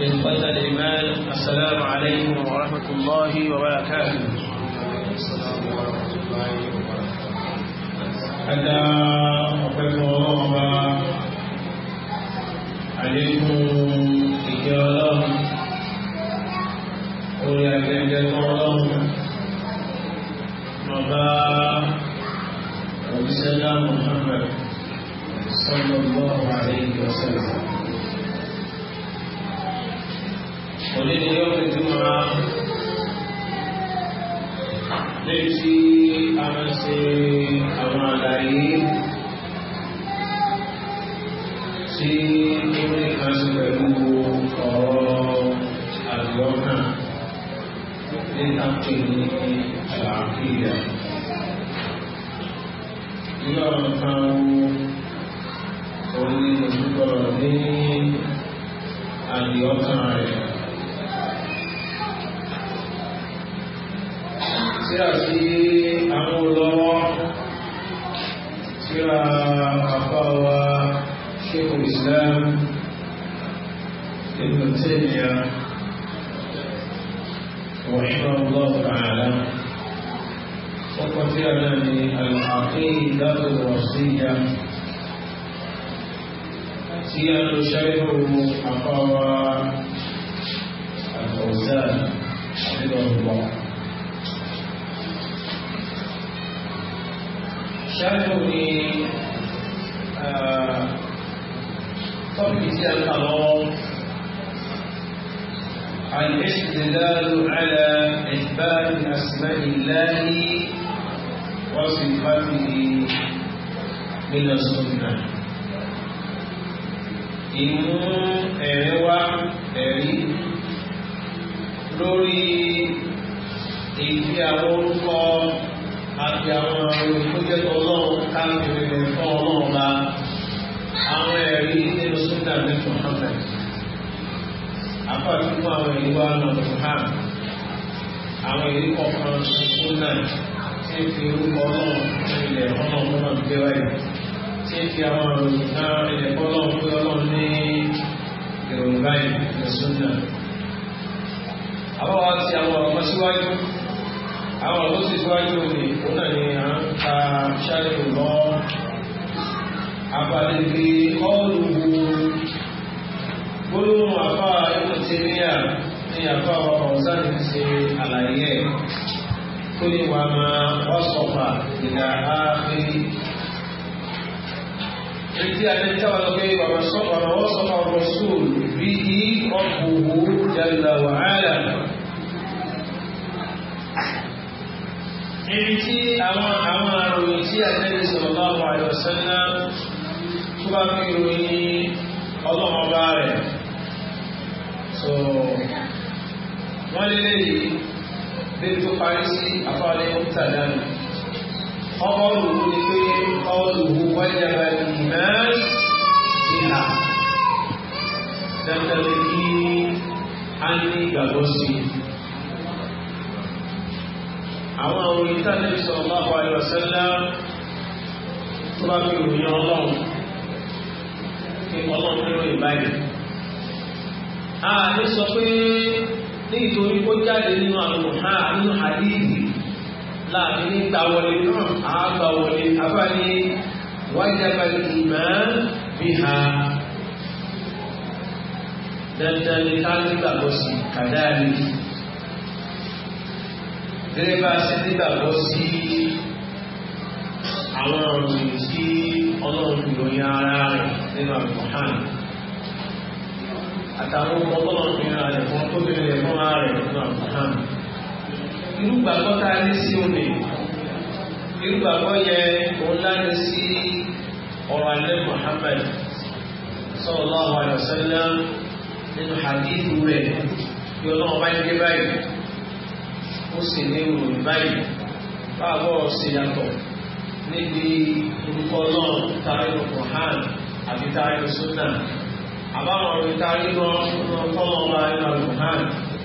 إخوة الإيمان السلام عليكم ورحمة الله وبركاته Ada ọ̀pẹ́ fún ọlọ́run bá àlékún ìjẹ́ ọlọ́run, orí àgbẹ̀gbẹ̀ fún ọlọ́run, bàbá òbíṣẹ́lá Mùhammad, sọ́lọ́gbọ́n àríyí ọ̀sẹ̀lẹ̀. òní ni yóò fi túmọ̀ létí àwọn ṣe àwọn àlàyé tí ìwé kan sí pẹ̀lú ọ̀rọ̀ àlùwọ́kàn ní táǹkì ní síra sí àwọn olówó síra àfáwà ṣékù Islam Ibn Taymiyyah رحمه الله تعالى وقد العقيدة الوصية سيادة شيخ أخوة الفوزان حفظه الله ṣáájú ni tọ́pì tí a kà lọ́wọ́ الاستدلال على إثبات أسماء الله وصفاته من السنة ìmú ẹ̀rẹ́ wá ẹ̀rí lórí èyí àwọn orúkọ àti àwọn ọ̀rọ̀ tó jẹ́ ọlọ́run káàkiri rẹ̀ fún ọlọ́run bá àwọn ẹ̀rí nínú sódà ní Muhammad apáàtì fún àwọn ẹ̀rí wa nà Muhammad àwọn ẹ̀rí kọ̀ọ̀kan sódà tí ń fi orúkọ ọlọ́run fún ilẹ̀ ọlọ́run náà gbé wáyé tí ń fi àwọn ọ̀rọ̀ ilẹ̀ ọlọ́run fún ọlọ́run ní èròǹgbà ìlú sódà. àwọn wa àwọn ọ̀rọ̀ mọ́síwájú àwọn ọ̀dọ́ sì síwájú òní òun náà ni à ń ta ṣáàlì lọ abalẹ̀gbẹ̀ ọ̀lùwò gbólóhùn àfà ẹ̀kọ́ ti rí à ní àfà ọkọ̀ sáàlì ti àlàyé ẹ̀ tó ní wàá máa wọ́sọ̀fà ìlà áfírí ìdí àdéjáwà lọ pé bàbá sọ́kọ̀ àwọn wọ́sọ̀fà ọ̀rọ̀ sùúrù bí i ọkọ̀ òwò jàlá wàhálà níbi tí àwọn àwọn àròyìn tí àtẹ́lẹ̀ sallallahu alaihi wasallam tó bá fi ròyìn ọlọ́run bá rẹ̀ so wọ́n lé léyìí bẹ́ẹ̀ tó parí sí afọ́lẹ́ mùtàdánù ọmọ òwú ni pé ọlùwú wájàbá ìmẹ́rin ìhà dandan kí a ní ìgbàgbọ́ sí i àwọn orin tí sallallahu alaihi wasallam tó bá fi ròyìn ọlọ́run pé ọlọ́run nínú ìbáyìí. a lè sọ pé ní ìtorí kó ha nínú hadithi láàbí ní gbàwọlé náà a gbàwọlé abáyé wájàgbá ìmọ̀ bí ha dandan ní ká gẹ́gẹ́ bá ṣe nígbàgbọ́ sí àwọn ọ̀rùn tí ọlọ́run ìròyìn ara rẹ̀ nínú àbùkán àtàwọn ọmọ ọlọ́run ìròyìn ara rẹ̀ fún tó bẹ̀rẹ̀ fún ara rẹ̀ nínú àbùkán irú gbàgbọ́ tá a ní sí omi irú gbàgbọ́ yẹ òun láti sí ọ̀rọ̀ alẹ́ Muhammad sallallahu alaihi wasallam nínú hadithu rẹ̀ yọ náà wáyé báyìí ó sì ní ìròyìn báyìí báwo ṣe yàtọ̀ níbi orúkọ náà tààrí Kùránì àbí tààrí súnà àbáwọn ọ̀rọ̀ tààrí náà ọmọ ọmọ ẹ̀rọ Kùránì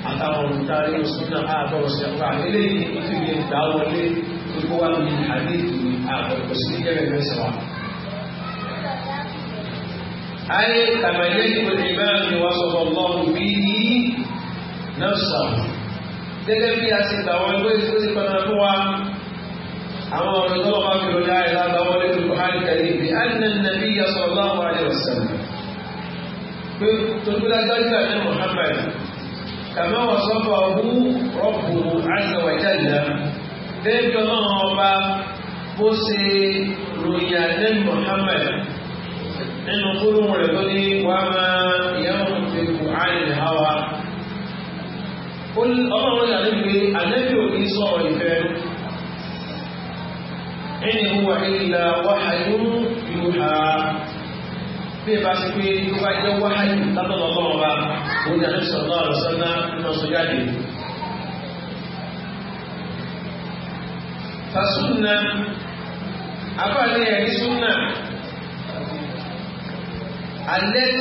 àtàwọn ọ̀rọ̀ tààrí súnà àbọ̀rọ̀ sí ọ̀pá eléyìí ní fi lè gbà wọlé gbogbo wa ní àdéhùn àbọ̀rọ̀ sí ní jẹ́rẹ̀ mẹ́sàn wa. ayé tàbí ẹ̀yẹ́ ìpínlẹ̀ ìbáraẹni wa sọ̀rọ̀ lọ́rùn bíi náà gẹ́gẹ́ bí a ti gbà wọn gbé tó ti padà fún wa àwọn ọ̀rọ̀ tó lọ́wọ́ fi lọ́lá ẹ̀ lábàá wọn lẹ́nu kò hàn kàlí bí anna nàbí yà sọ̀rọ̀ láwọn alẹ́ ọ̀sán pé tòlúlá gbájúà ní Muhammad kàmá wà sọ́fà ọ̀hún rọ́pù azza wa jalla bẹ́ẹ̀ ọba bó ṣe ròyìn alẹ́ Muhammad nínú kúrò rẹ̀ lórí wàá máa ìyá òun fi kù hàn ìhàwá ọlọ́run ní àlẹ́ pé àlẹ́bí ò ní sọ ọ̀rọ̀ ìfẹ́ ẹni ìwà ìlà wáhàyú yóò ha bí ẹ bá ṣe pé ó bá jẹ́ wáhàyú látọ̀dọ̀ ọlọ́run alẹ́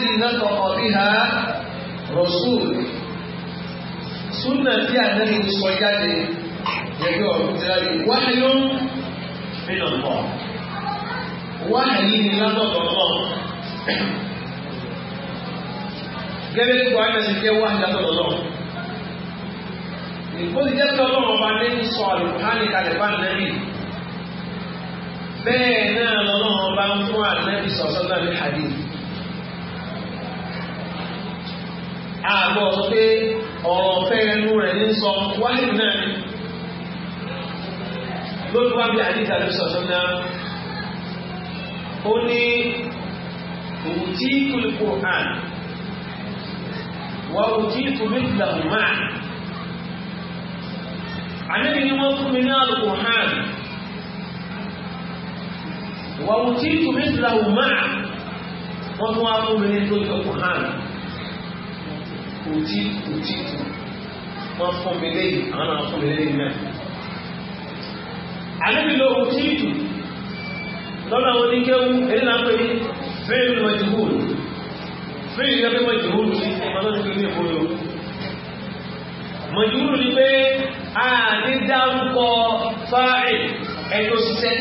ti nàkọ̀ ọ̀bí ha rọ̀ṣùlù súnà tí ànábì ti sọ jáde ẹgbẹ ọdún ti láti wáyó nínú pọ wáyé ní lábọ̀bọ̀ pọ̀ gẹ́gẹ́ bí wàhálà ti jẹ́ wáyé lábọ̀bọ̀ lọ. ìkóni jẹ́ pé ọba ní sọ àlùkánì kalẹ̀ bá ànábì bẹ́ẹ̀ náà lọ́lọ́run ọba ń fún ànábì sọ̀sọ́ náà ní hadith. àgbọ̀ sọ pé ọ̀rọ̀ fẹ́ ẹnu rẹ̀ ní sọ wáyé náà ni lórí wá bí àdìsá ló sọ̀tún náà ó ní òwútí kúlùkù hàn wà òwútí kúlùkù hàn àníbi ni wọ́n fún mi ní àlùkù hàn wà òwútí kúlùkù hàn wọ́n fún wa fún mi ní lórí ọkù hàn òtí òtí tù wọ́n fún mi lẹ́yìn àwọn náà fún mi lẹ́yìn náà àlébi ló òtí tù lọ́nà àwọn oníkẹ́wù ẹni náà pé fẹ́ẹ̀rì ló ti hù fẹ́ẹ̀rì ló ti hù ní ẹ̀ma lọ́nà tó ní ìbòyò mọ̀júwùrù ni pé a ní dárúkọ fáàrì ẹni ó ṣiṣẹ́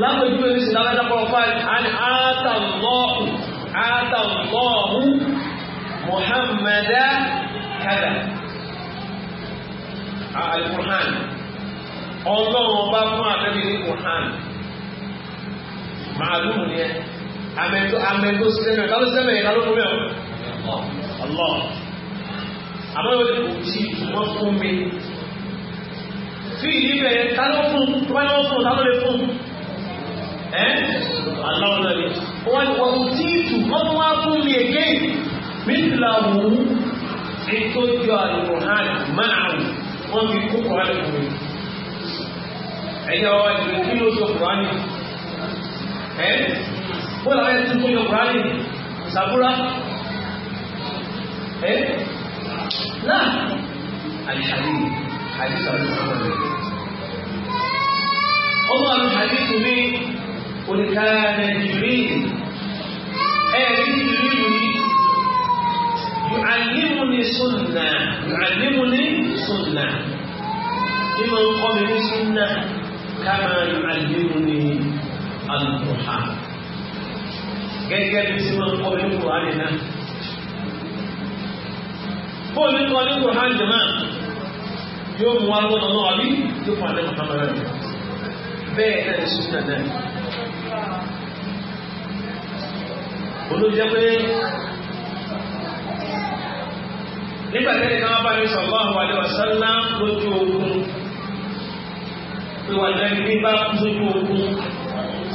lápẹjú ẹni sì lágbàdàpọ̀ fáàrì àni àtàlọ́ọ̀kù àtà Allahu Muhammada kàdà ah, al-Qur'an ọlọ́run ọba fún àtẹ́bí ní Qur'an màálùmù ni ẹ amẹ́tò sẹ́mẹ̀ kálọ́ sẹ́mẹ̀ yẹn kálọ́ fúnmẹ́ ọ ọlọ́ àmọ́ yóò kò tí wọ́n fún mi fi ìdí bẹ̀rẹ̀ kálọ́ fún tó bá yẹ wọ́n fún kálọ́ lè fún ẹ́ aláwọ̀ náà wọ́n ni wọ́n tí ìtù wọ́n tún wá fún mi èké mílíọ̀nù ètò ìjọ àlùkò hàn márùn wọ́n fi kó kọ́ránì fún mi. ẹ̀yà wa ìlú kí ló sọ kọ́ránì ẹ̀ wọ́n làwọn ẹ̀ tí kó yọ kọ́ránì sàbúrà ẹ̀ náà àlìhàlì àdìsàlù sọ́kọ̀ọ́ ọmọ àlùhàlì ní. قل كان جبريل أريد جبريل يعلمني سنة يعلمني سنة لمن قبل سنة كما يعلمني القرآن gẹ́gẹ́ bí sí wọn kọ́ nínú kùránì náà bóò ní kọ́ nínú kùránì jẹ́mà yóò mú wa lọ́nà náà àbí yóò fún àdé muhammadu bẹ́ẹ̀ náà ní sunna náà olóyè pé nígbà tẹ́lẹ̀ náà bá mi sallallahu alaihi wasallam lójú ogun pé wà lẹ́yìn ní bá lójú ogun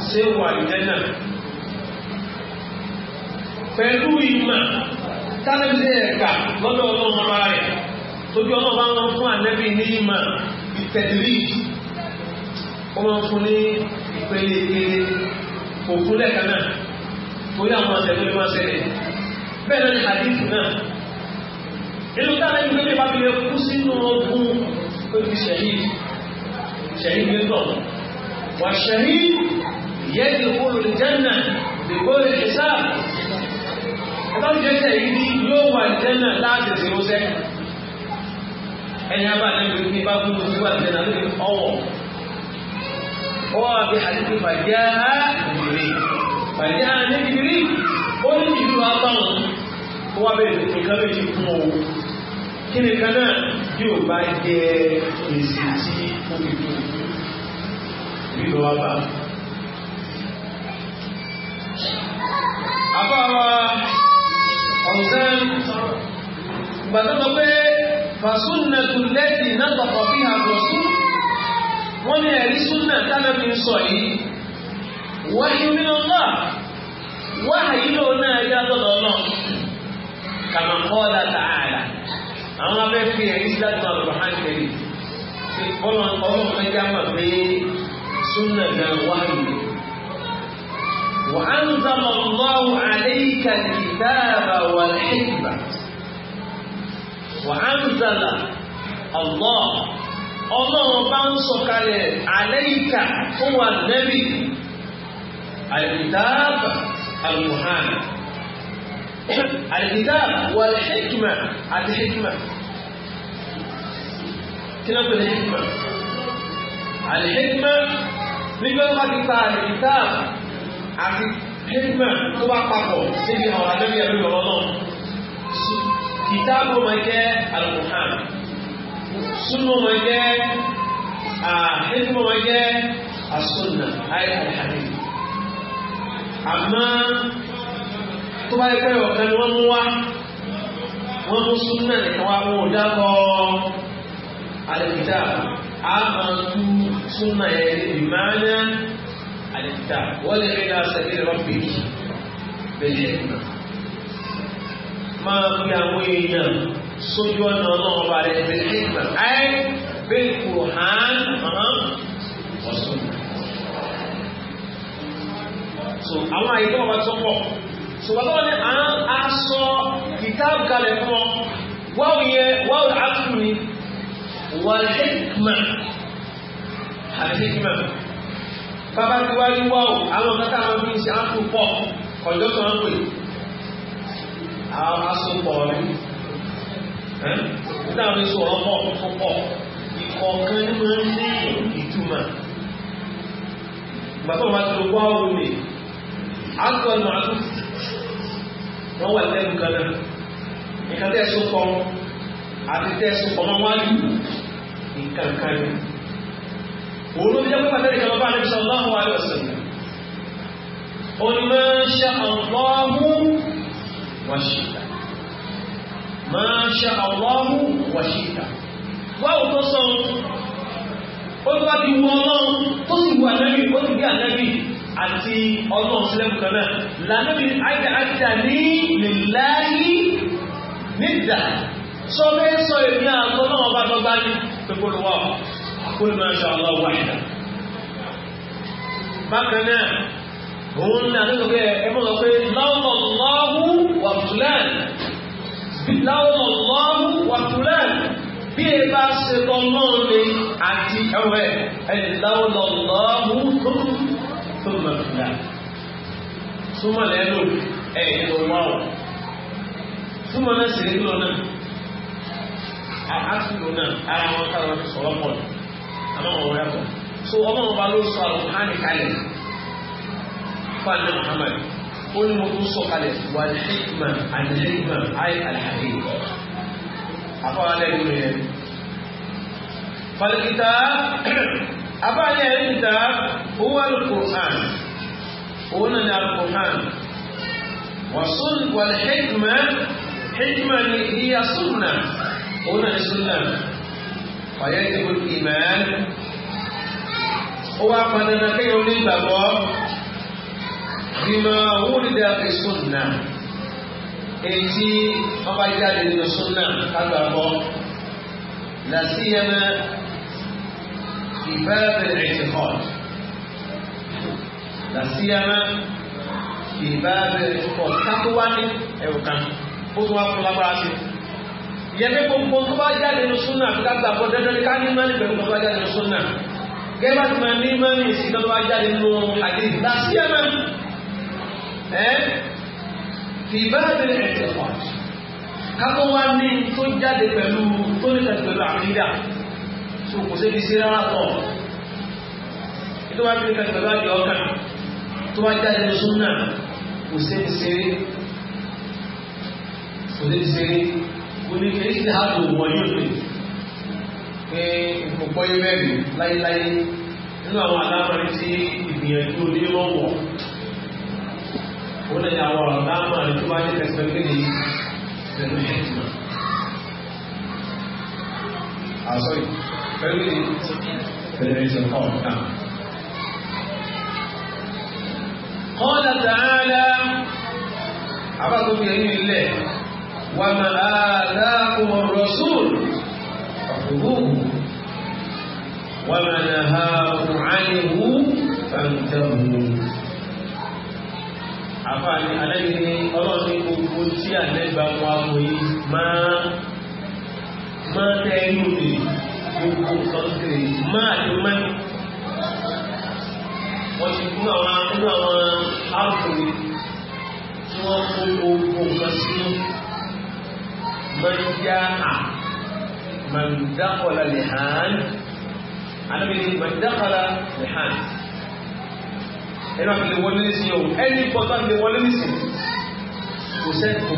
ṣé wà lẹ́nà pẹ̀lú ìmọ̀ tálẹ́lẹ́ ẹ̀ka lọ́dọ̀ ọlọ́run ọba rẹ̀ tójú ọlọ́run bá wọn fún ànẹ́bí ní ìmọ̀ ìtẹ̀lẹ́ ó wọn fún ní ìpele ìpele òkú lẹ́ka náà torí àwọn àṣẹlẹ̀ ló máa ṣẹlẹ̀ bẹ́ẹ̀ lọ́ni àdínkù náà nínú táwọn ẹni pé bá fi lè kú sínú ogun ojú ṣẹ̀yìn ṣẹ̀yìn gbẹ́tọ̀ wà ṣẹ̀yìn yẹ́dì olùlẹ̀ jẹ́nà lèkóòrè ìṣá ẹgbẹ́ ṣẹ̀yìn ní yóò wà jẹ́nà láti ṣèrúṣẹ́ ẹni abá náà ní bá kú lóṣù wà jẹ́nà lórí ọwọ́ ọwọ́ àbí àdínkù bàjẹ́ á pàdé àwọn ní kìbìrì ó ní ìlú abáwọn ó wá bẹ̀rẹ̀ nǹkan méjì fún o kí ni kan náà yóò bá jẹ èsì tí ó fi dùn nínú wa bá. àbáwa ọ̀sẹ̀ gbàdọ́dọ̀ pé fàṣúnnà tó lẹ́sìn náà tọ̀kọ̀ fi hàn lọ́sùn wọ́n ní ẹ̀rí súnnà tánàbí ń sọ yìí wà ìmìnà náà wà ìlò náà yá lọ́dọ̀ náà kàmá kọ́lá tààlà àwọn abẹ́fẹ́ ẹ̀yìn sí láti máa lọ́hán kẹ́lì tí ọlọ́run ọlọ́run ẹja mà pé súnà gan wà lù. وأنزل الله عليك الكتاب والحكمة وأنزل الله ọlọ́run bá ń sọ̀kalẹ̀ àlẹ́yìká الكتاب القرآن الكتاب والحكمة الحكمة كلمة الحكمة الحكمة في لغة الكتاب حكمة تبع قبل سيدي هو عدم يبقى الله كتاب ما جاء سنة ما جاء آه، حكمة ما السنة آية الحديث àmọ́ tó bá yẹ pé ọ̀kan ni wọ́n mú wá wọ́n mú súnà nìkan wá wọn ò dákọ̀ àlẹ́kìtà a máa tú súnà yẹn ìmáná àlẹ́kìtà wọ́n lè rí láti ṣẹlẹ̀ rọ́bì bẹ́ẹ̀ máa fi àwọn èèyàn sójú ọ̀nà ọlọ́run ọba rẹ̀ bẹ́ẹ̀ ẹ́ bẹ́ẹ̀ kò hàn án ọ̀sùn so àwọn àyè tó wà tó pọ̀ ṣùgbọ́n tó ní à ń aṣọ ìtàgàlẹ̀ fún ọ wáwù yẹ wáwù àtúrù ni wàlẹ́kìmà àlẹ́kìmà bàbá tí wáyé wáwù àwọn ọ̀gá àwọn bí ń ṣe àtúrù pọ̀ ọ̀jọ́ tó ń pè àwọn aṣọ pọ̀ rí nígbà mi sọ ọ̀rọ̀ pọ̀ tó pọ̀ ìkọ̀ọ̀kan ní mo ń ní ìtumà bàbá wọn bá ti lọ wáwù mi àgbọ̀ ẹ̀nà àlù wọ́n wà lẹ́nu kan náà nǹkan tẹ́ so pọ̀ àti tẹ́ so pọ̀ máa wáyé nǹkan kan ní. òun ló fi jẹ́ pípa tẹ́lẹ̀ kan bá àlejò sọ̀rọ̀ láwọn wáyé ọ̀sẹ̀ yìí. ó ní ṣe ọlọ́run tó sì wù àti ọlọ́run sílẹ̀kùn kan náà lànàbí àìdá àìdá ní lèláyé nídà sọ bẹ́ẹ̀ sọ èmi àtọ́ náà bá dọ́gba ní pẹ̀lú wa àkóyè máa ṣe àwọn ọwọ́ àìdá. bákan náà òun ní àdúgbò pé ẹ mọ̀ pé láwọn ọlọ́hu wà tùlán láwọn ọlọ́hu wà tùlán bí ẹ bá ṣe tọ́ náà ni àti ẹwẹ́ ẹ láwọn ọlọ́hu tó ń ثم فلان ثم لأنه أي الله ثم نسر لنا العصر لنا على ما كان في صلاة أمام أولاكم so ọlọ́run ọba ló sọ àlùkánì kalẹ̀ fáànà muhammad ó ní mo tún sọ kalẹ̀ wà ní hikma àti hikma ayé abáyé ẹ̀rí ìta owó alukur'an owó náà ní alukur'an wàsún wàlẹ̀ hikma hikma ni ìyá sunna owó náà ní sunna ọ̀yẹ́ ìdìbò ìmọ̀ ó wá padàdà kéèyàn ní ìgbàgbọ́ bímọ wúlídà fi sunna èyí ọba jáde nínú sunna kágbàgbọ́ làsíyẹmẹ. في باب الاعتقاد لا سيما في باب الاعتقاد تقواني أو كان قدوة كل براسي yẹmi gbogbo tó bá jáde ní súnà tó dàgbà kó dandan ká ní mọ́ni pẹ̀lú tó bá jáde ní súnà gẹ́gẹ́ bá ti máa ní mọ́ni sí tó bá jáde ní àdé làásì ẹ̀ mọ́ni ẹ̀ fi báyìí ní ẹ̀sẹ̀ pọ̀ kákó tó kò sébi sí rárá tọ̀ tó bá fi kàkà bá di ọkà tó bá jáde ní súnà kò sébi sèré kò sébi sèré kò ní kéré sí àbò wọ̀nyí òfin pé ìfòpọ̀ yìí mẹ́rin láyéláyé nínú àwọn àlámọ̀rin tí ìgbìyànjú onímọ̀ wọ̀ wọ́n lè àwọn àlámọ̀rin tó bá ní kẹsàn-án kéde pẹ̀lú ẹ̀tìmọ̀. àṣọ yìí very federation hall down. قال تعالى أبغى بيني الله وما آتاكم الرسول فخذوه وما نهاكم عنه فانتهوا àfààní alẹ́ni ní ọlọ́run ní gbogbo tí àlẹ́gbàmọ́ àmọ́ yìí máa máa tẹ́ inú mi máa ti mẹ́ wọ́n ti fún àwọn nínú àwọn áàpùnrin tí wọ́n kó gbogbo nǹkan sí mẹ́jà à mẹ́ndàkọ̀lá lẹ́hàn alábìnrin mẹ́ndàkọ̀lá lẹ́hàn ẹ̀rọ àfilẹ̀ wọlé nísìn o ẹni pọ̀tà àfilẹ̀ wọlé nísìn kò sẹ́ kò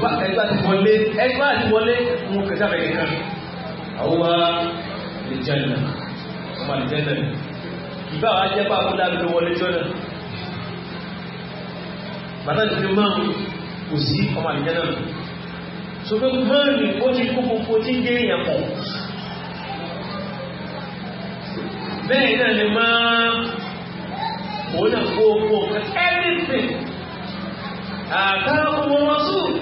mú kẹta bẹ̀rẹ̀ kan àwọn lè jẹ́nà ọmọ àlìjẹ́nà ìbá wa jẹ́ pàmò dáadé ló wọlé jọ́nà bàtà ìdílé máa ń kò sí ọmọ àlìjẹ́nà so pé mọ́rin ó ti kó gbogbo tí ń gé èèyàn pọ̀ bẹ́ẹ̀ náà ni máa òun náà kó everything àtàrà wọn sùn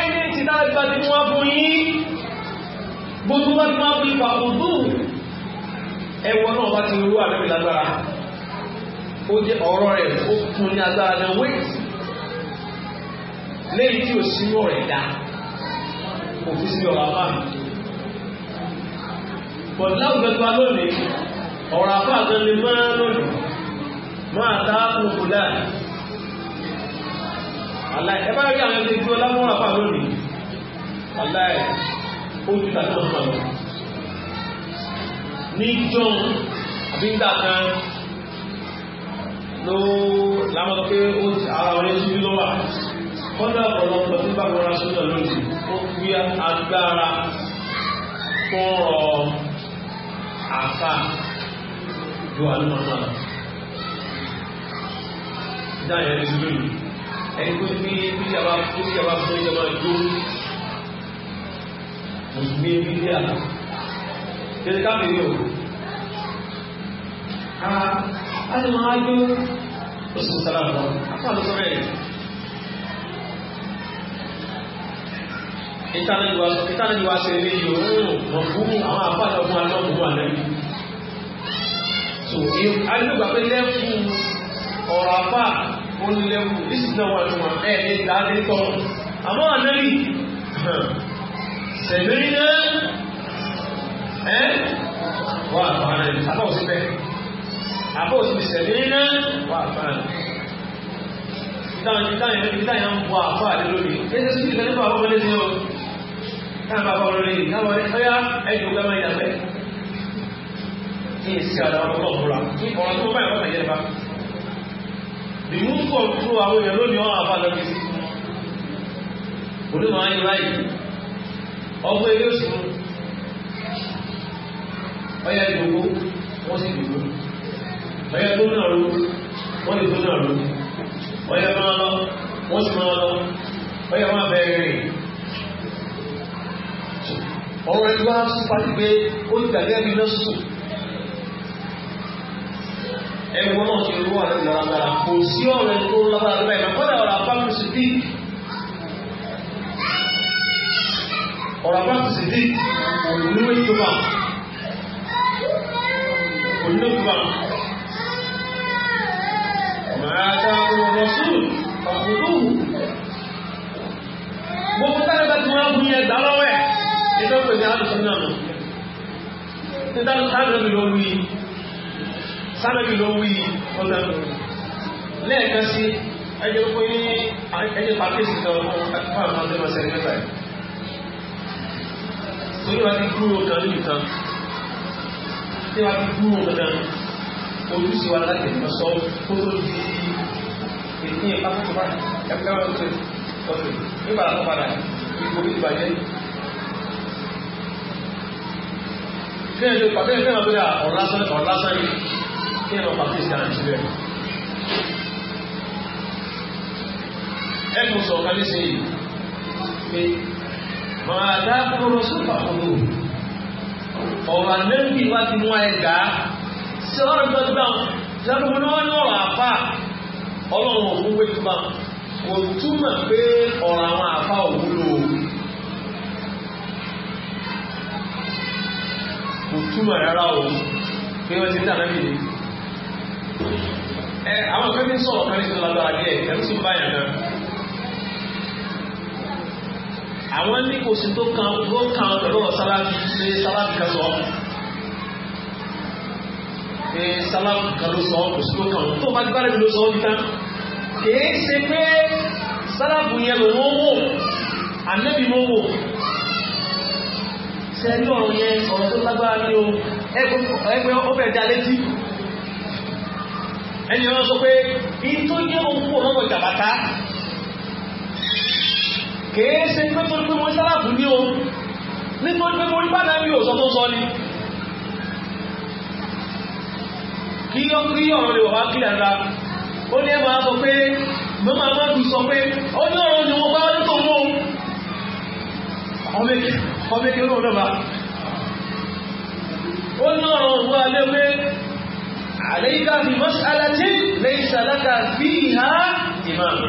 ẹni ti mú wá fún yín gbogbo bá ti máa fi wà òdú ẹwọ náà bá ti rú àlẹ́ ìlágbára ó jẹ́ ọ̀rọ̀ rẹ̀ ó fún ní agbára náà wait lẹ́yìn tí ò sí ọ̀rẹ́ dá kò fi sí ọ̀rọ̀ àbá mi bọ̀dé láwùjọ tó wá lónìí ọ̀rọ̀ àbá gan ni máa lónìí máa dá kúkú dáa aláì ẹ bá rí àwọn ẹgbẹ́ ìgbó lámúra àbá lónìí aláì ó ti tàbí ọ̀sán lọ. ní john àbíńgbà kan ló lámọ́tọ́ pé ó ti ara wọn létí ló wà kọ́dà ọ̀pọ̀lọpọ̀ tí bá wọn aṣọ náà lónìí ó fi agbára fọ́rọ̀ àṣà ju àlùmọ̀ọ́nà lọ. dáhùn ẹni lónìí ẹni tó ní bí ìjàmbá fún ìjàmbá fún ìjàmbá mùsùlùmí ní ilé àná tẹ́lẹ̀ ká mèrè o a ti máa gbé oṣù sára lọ afọ́ àlọ́ sọ́rọ̀ ẹ̀ ìtànàjì wa ṣe eré yìí òun wọ̀n fún àwọn àpáta ọmọ alọ́mù wà lẹ́yìn so alúgbà pé lẹ́fún ọ̀rọ̀ àpá òun lẹ́fún ìsìnkú náà wà lọ́wọ́ ẹ̀ ní ìdáadé tọ́ àmọ́ àlẹ́yìn sẹ̀mínà ẹ́ eh? wà àfáàní àbọ̀sí bẹ́ẹ̀ àbọ̀sí bí sẹ̀mínà wà àfáàní. Ìtàn ìtàn ìlú ìtàn yẹn ń bọ àfáàní lórí. Ẹ̀sẹ̀ sí ìtàn nípa àwọn ọmọdé ni ó. Táwọn bàbá wọn lórí ìdáwọ̀ ẹ̀ fẹ́yà ẹ̀jọ̀ gbẹ́ máa yàgbẹ́. Ní ìsì àdáwọn ọmọ ọ̀bùra, ní ọ̀rọ̀ tó bá ìwọ́n yẹn bá. Bìmú ń pọ̀ tó àwọn èèyàn lónìí ọ̀ ọmọ eré òsì ọyá ìdòwò wọ́n sì dòwò ọyá tó náà wọ́n lè tó náà ọyá máa lọ wọ́n sì máa lọ ọyá máa bẹ̀rẹ̀ rìn ọ̀rọ̀ ẹni wá sùn pàtí pé ó ti dàgẹ́ ẹni lọ sùn ẹni wọ́n náà ti rú àlọ́ ìlànà kò sí ọ̀rọ̀ ẹni tó lábára lọ́bàá ìmọ̀ kọ́dà ọ̀rọ̀ àpá ọ̀rọ̀ bá ti sèdí òníwé túmà òníwé túmà máa dá ọmọ sùn ọ̀pọ̀lọ́wù gbogbo táyà bá ti wọ́n bú yẹn dá lọ́wọ́ ẹ̀ nígbà pé ní àlùsọ náà nù nígbà sábẹ́bí ló wí sábẹ́bí ló wí ọ̀nà nù lẹ́ẹ̀kan sí ẹjọ́ pé ní pàkíyèsí lọ́wọ́ àti fáwọn ọmọdé wọn sẹ́yìn mẹ́ta yìí tó yíwa ti gúrò kan ní ìkan tí wá ti gúrò kan ojúṣe wa láti ẹ̀mọ́ sọ kó tó di ìpín ìpápátọ́pá ẹgbẹ́ wọn tó ọ̀sẹ̀ nígbà tó padà ìgbò ìbàjẹ́ kí ẹ̀ lè pàtẹ́ ìfẹ́ náà lórí ọ̀lásán ọ̀lásán yìí kí ẹ̀ lọ pàtẹ́ ìsìn àti ìṣẹ́lẹ̀ ẹ̀kùn sọ̀kan yìí màdá kúrò sọ́fà kúrò ọ̀rọ̀ àlẹ́bí wa ti mú ayé gà si sí ọ̀rọ̀ gbọ́dọ̀ lọ́dún ní wọ́n ní ọ̀rọ̀ àfà ọlọ́run òkú wé tó bá kò túmọ̀ pé ọ̀rọ̀ àwọn àfà òwúlò kò túmọ̀ rárá o pé àwọn ní kò sí tó kan ló kan pẹ̀lú sálábì pé sálábì kan sọ pé sálábì kan ló sọ kò sí tó kan tó bá ti bá rẹ̀ ló sọ ọ́ níta kìí ṣe pé sálábì yẹn ló wọ́n wò ànábì ló wò sẹ́ni ọ̀run yẹn ọ̀rọ̀ tó lágbára ní o ẹgbẹ́ ọbẹ̀ dá létí ẹni wọn sọ pé ìtọ́jú ohun kò mọ̀ kèé ṣe pé tó pé mo ń sálàfù ní o nítorí pé mo rí bá náà rí òsọ tó sọ ni kí yọ kí ọ̀rọ̀ lè wà wá kílẹ̀ ńlá ó ní ẹ máa sọ pé mo máa máa fi sọ pé ó ní ọ̀rọ̀ ni mo bá wọlé tó mú ọmọ ó ní ọ̀rọ̀ òun alẹ́ pé àlẹ́ yíká fi mọ́ṣáláṣí lẹ́yìn sàlákà sí ìhá ìmáàmù.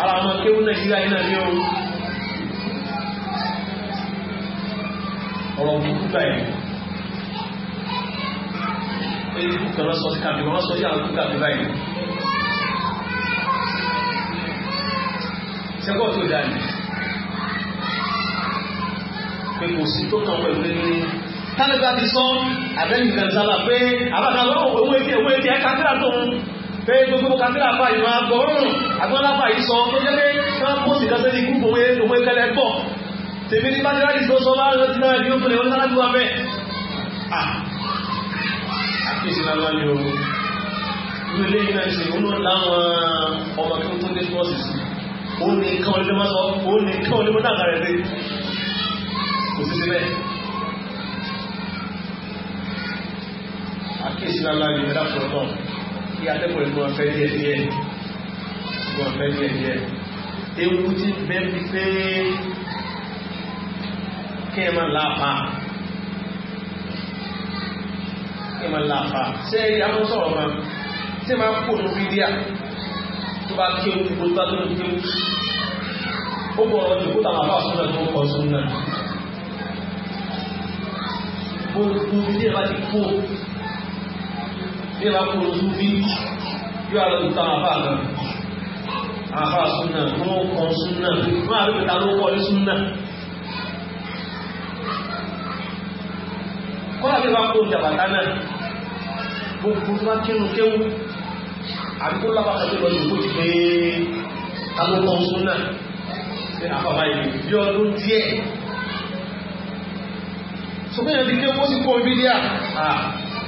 ara àwọn kéwú nàìjíríà yìí náà ní o ọ̀rọ̀ burúkú gbà yìí facebook kan lọ sọ sí kàmí wọn sọ sí àwọn kúkà mi báyìí sẹ́kọ̀ tó dáa ni pé kò sí tó kàn pẹ̀lú ní tálẹ́gbà ti sọ abẹ́yìn kan sábà pé àbáta lọ́wọ́ owó ètè owó ètè ẹ̀ka kíra tó ń bẹ́ẹ̀ gbogbo kàmílà àpá ìwà gbọ́rùn àgbọ́lápá yìí sọ tó jẹ́ pé wọ́n kó sì dáṣẹ́ ní gúgbò wé òwe kẹlẹ̀ pọ̀ tèmi ní bátírárì tó sọ bá rẹ̀ ti náà ní ó pèlè oníkálàbí wa bẹ́ẹ̀ àkíyèsí lára ní o inú ilé yìí náà ṣe òun náà láwọn ọmọ kí wọ́n tó dé fọ́ọ̀sì sí òun ní kán ọdún máa sọ òun ní kán ọdún máa dàgbà rẹ̀ dé kò kí atẹ́kùn ẹ̀kọ́ ọ̀fẹ́ díẹ̀ díẹ̀ ẹ̀kọ́ ọ̀fẹ́ díẹ̀ díẹ̀ ewu ti bẹ́ẹ̀ pé kí ẹ máa láàpá kí ẹ máa láàpá ṣé ìyàwó sọ̀rọ̀ máa tí máa kó nu fídíà tó bá kí ewu gbogbo tó bá tó ń kéwu ó bọ̀ ọ̀rọ̀ ìdókòtà àbá súnà tó ń kọ súnà gbogbo fídíà bá ti kó bí wàá kó oṣù bí yóò àlọ́ ìtàn àbá lọ àbá súnà wọn kọ súnà wọn àlọ́ ìtàn ló kọ́ ní súnà. kọ́lá bí wàá kó jàbàtà náà gbogbo tó bá kírun kéwù àdúgbò lábàá kan tó lọ yòókù ti pé ta ló kọ́ súnà ṣe àfàbà yìí bí ọdún díẹ̀ sọ fún yẹn ti kéwù ó sì kó ibi díà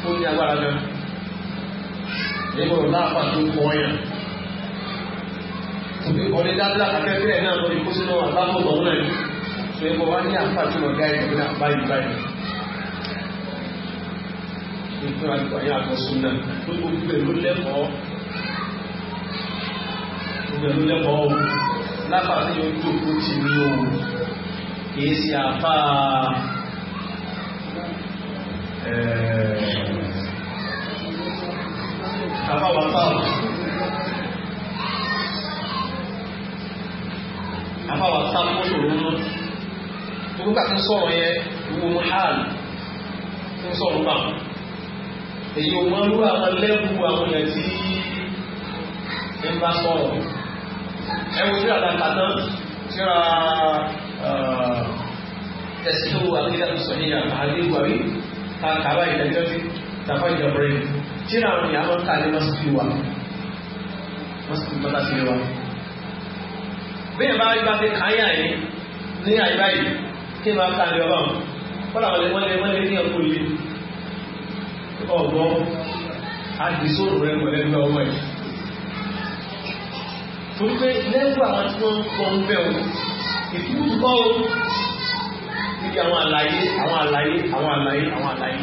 ó ní agbára náà nígbà wọn láàpá tó ń kọ́ yàn. Ṣùgbọ́n ìkọ́lé dáadáa akẹ́kẹ́ náà lórí kó sínú àbábọ̀ wọn náà ni. Ṣé ìkọ́ wá ní àpá tí wọ́n gá ìtọ́jú náà báyìí báyìí. Nítorí àgbà yẹn àkọsọ náà tó gbogbo ẹ̀ ló lẹ́kọ̀ọ́. Gbogbo ló lẹ́kọ̀ọ́ o. Lápá yóò tó kó ti ní o. Kì í ṣe àpá ẹ̀ẹ́ bàbá wà fà ó bàbá wà fà ó ṣòro mú gbogbo gbà tó sọ̀rọ̀ yẹ gbogbo mu hàn tó sọ̀rọ̀ bà èyí ò mọ irú àwọn lẹ́bù àwọn yẹn tí ẹ bá sọ̀rọ̀ ẹ wo tí àdá kàtán tí tíra àwọn èèyàn máa ń kà ní mọ́sílì wa mọ́sílì tọ́lá sí wa bí ìbá rí bá ti káyà yìí ní àyíká yìí kí n máa ká ní ọba kọ́lá wọn lè wọ́n lè wọ́n lè ní ọkọ̀ yìí ọ̀gbọ́n àdìsóòrò rẹ̀ pẹ̀lú ẹgbẹ́ ọmọ yìí torí pé lẹ́gbọ́ àwọn tí wọ́n ń kọ́ ń bẹ̀ wọ́n ìfúrúkọ́ ibi àwọn àlàyé àwọn àlàyé àwọn àlàyé àwọn àlàyé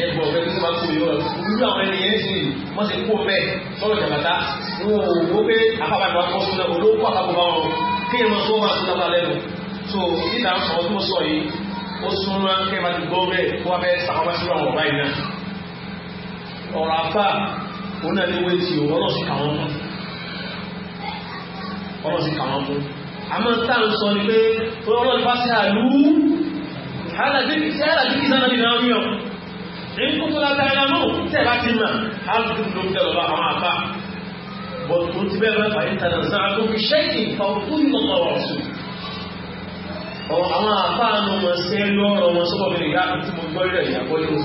ẹgbọ̀n ọ̀fẹ́ tó máa kú ìwọ̀n nínú àwọn ẹni yẹn sì wọ́n ti kú ọ̀fẹ́ lọ́rọ̀ ìjàmbá wọn ò wó pé àpapàdé wa kọ́ sínú olóòkú àpapọ̀ bá wọn kí ni wọ́n tó máa sún lápá lẹ́nu so nígbà sọ ọdún sọ yìí ó sún wá kẹ́ máa ti gbọ́ bẹ́ẹ̀ kó wá fẹ́ sàkọ́bá sí ọ̀rọ̀ báyìí náà ọ̀rọ̀ afá òun náà ní wé ti òun ọlọ́ sí kàwọn fún ọlọ́ sí kàwọn fún àmọ́ táà ń sọ ni pé ọlọ́ èyí kò tọ́lá dáadáa mọ́ tẹ́ bá ti mọ̀ áàbùdù ló ń tẹ̀lọ́ bá àwọn àbá bọ̀n tó ti bẹ́ẹ̀ mẹ́fà yìí tẹ̀lé sáà tó fi ṣẹ́yìn fàwùkú ìmọ̀kọ̀ ọ̀sùn àwọn àbá àánú wọn ṣe é lọ́rọ̀ wọn sọ́kọ̀ mi ìyá tí mo gbọ́ rẹ̀ ìyàgbọ́ yìí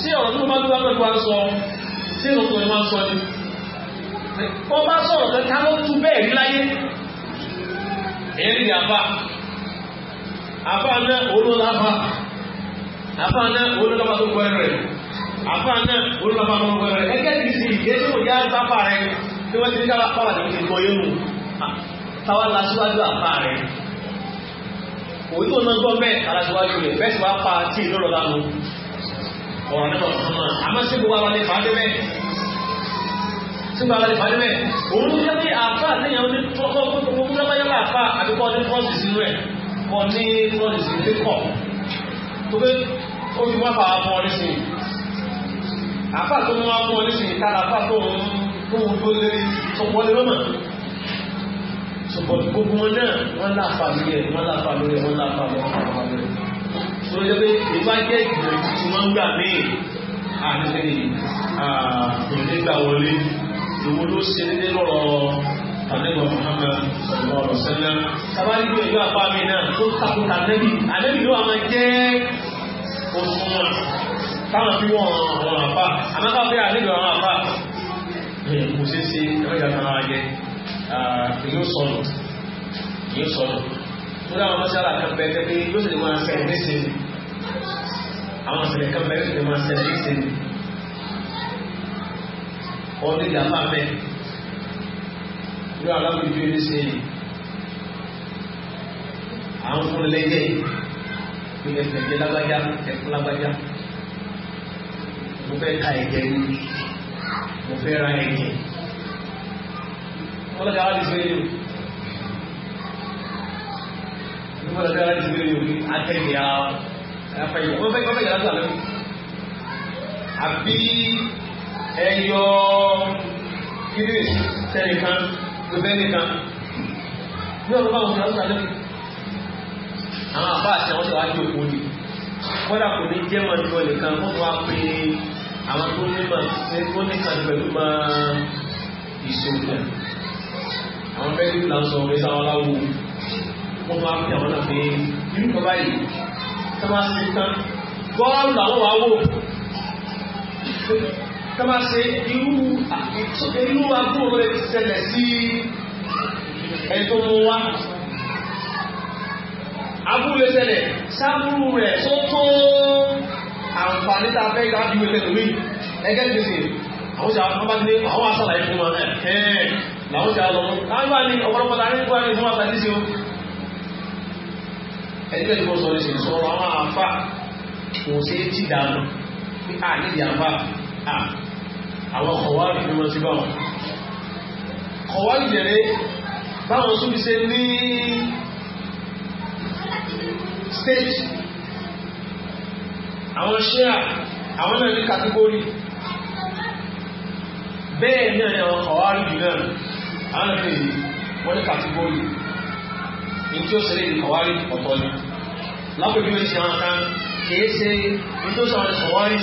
sí ọ̀rọ̀ tó bá tó bá mẹ́fà sọ sí ọkùnrin máa sọ ni wọ́n bá sọ̀rọ̀ kẹta ló tú bẹ́ẹ̀ rí láyé èyí ni àbá àbá náà olólábà àfa náà olólọ́ba tó gbọ́ rẹ̀ àfa náà olólọ́ba tó gbọ́ rẹ̀ ẹgẹ́ ti sì yéésù yá sáfà rẹ̀ tí wọ́n ti ká apá wà lórí ìgbọ́ yóò mú táwa la síwájú àfa rẹ̀ òun tó náà gbọ́ bẹ́ẹ̀ ara síwájú rẹ̀ bẹ́ẹ̀ sì wá pa tí ì lọ́rọ̀ lánàá ọ̀rọ̀ nípa ọ̀sán náà àmọ́ sí gbogbo àwọn nípa dé bẹ́ẹ̀ sí gbogbo àwọn nípa dé bẹ́ẹ̀ òun jẹ́ pé àfa lẹ́yìn àwọn tó kọ́ gbogbo gbogbo lọ́ba yọ́lá àfa àbíkọ́ ọdún fọ́ọ̀sì sínú ẹ̀ kọ́ ní fọ́ọ̀sì sínú ẹ̀ kọ́ tó pé ó fi wá fàá fún ọ nísìnyí àfà tó ń wá fún ọ nísìnyí tára àfà tó ń tó ń tó lérí tó wọlé lọ́mọ ṣùgbọ́n gbogbo wọn náà wọ́n láfa lórí ẹ̀ wọ́n láfa lórí ẹ̀ wọ́n láfa lórí ẹ̀ tó yẹ pé ìbá jẹ́ ìgbìyànjú tí wọ́n gbà míì àti ìgbà wọlé ìwọ́n ló nílé lọ́rọ̀ àdébọ̀ Muhammad sallallahu alaihi wasallam tabali gbé ìlú àpá mi náà tó takuta nẹ́bí ànẹ́bí ló wà máa jẹ́ òṣùwọ̀n táwọn fi wọ́n àwọn àpá àmọ́ká fẹ́ àdébọ̀ àwọn àpá kò ṣe ṣe ẹgbẹ́jà tara jẹ yóò sọnù yóò sọnù tó dáwọn mọ́ṣálà kan bẹ́ẹ̀ tẹ́ pé yóò sì lè máa ṣẹlẹ̀ léṣe àwọn ṣẹlẹ̀ kan bẹ́ẹ̀ yóò ìjàmbá bẹ́ẹ̀ yóò aláwọ̀ ìjọ ní sí à ń fún lẹ́yẹ ìpínlẹ̀ tẹ̀lé lágbájá ẹ̀fún lágbájá mo fẹ́ ka ẹ̀jẹ̀ ni mo fẹ́ ra ẹ̀jẹ̀ wọ́n lọ́jà wá ti fẹ́ yìí o wọ́n lọ́jà wá ti fẹ́ yìí o atẹ̀lé a afẹ́yẹ̀ wọ́n fẹ́ kọ́fẹ́ yàrá sàlẹ̀ àbí ẹ̀yọ kírèsì tẹ̀lé kan tó bẹ́ẹ̀ nìkan bí ọ̀rọ̀ báwọn ṣe lọ́sọ̀rọ̀ lẹ́bi àwọn àbá àti àwọn ṣèwádìí òkú ni kọ́dà kò ní jẹ́ mọ̀ nìkan nìkan wọ́n wá pé àwọn tó ní mọ̀ tó ní kan pẹ̀lú máa ìṣòwò àwọn mẹ́rin là ń sọ orí sáwọn aláwo wọ́n máa fi àwọn náà pé irú kan báyìí tá máa ṣe tán gọ́ọ̀lù làwọn wà wò kama ṣe irú irú agbóhùn rẹ̀ ṣẹlẹ̀ sí ẹ̀tọ́ mu wá agbóhùn rẹ̀ ṣẹlẹ̀ sábúrú rẹ̀ tó tó àǹfààní tá a fẹ́ gbá ju ẹlẹ́nu mi ẹgẹ́ ti sè àwọn ṣe àwọn bá ti ní àwọn aṣàlàyé fún wọn ẹ làwọn ṣe àlọ́ wọn káwá ní ọ̀pọ̀lọpọ̀ tá a ní kúrò ní fún àṣà níṣẹ́ o ẹgbẹ́ ìbọn sọ̀rọ̀ ṣe sọ̀rọ̀ àwọn àfa kò ṣe ti dànù pé à àfa àwọn kọ̀wárì ni wọ́n ti bá wọn kọ̀wárì jẹ̀rẹ̀ báwọn súnbí ṣe ní stage àwọn ṣíà àwọn náà ní kàtígórì bẹ́ẹ̀ náà ni àwọn kọ̀wárì náà àwọn náà wọ́n ní kàtígórì ní tí ó ṣe lè ní kọ̀wárì ọ̀tọ̀ ni lápẹ̀bí ó ṣe àwọn kan kìí ṣe ní tó ṣe àwọn kọ̀wárì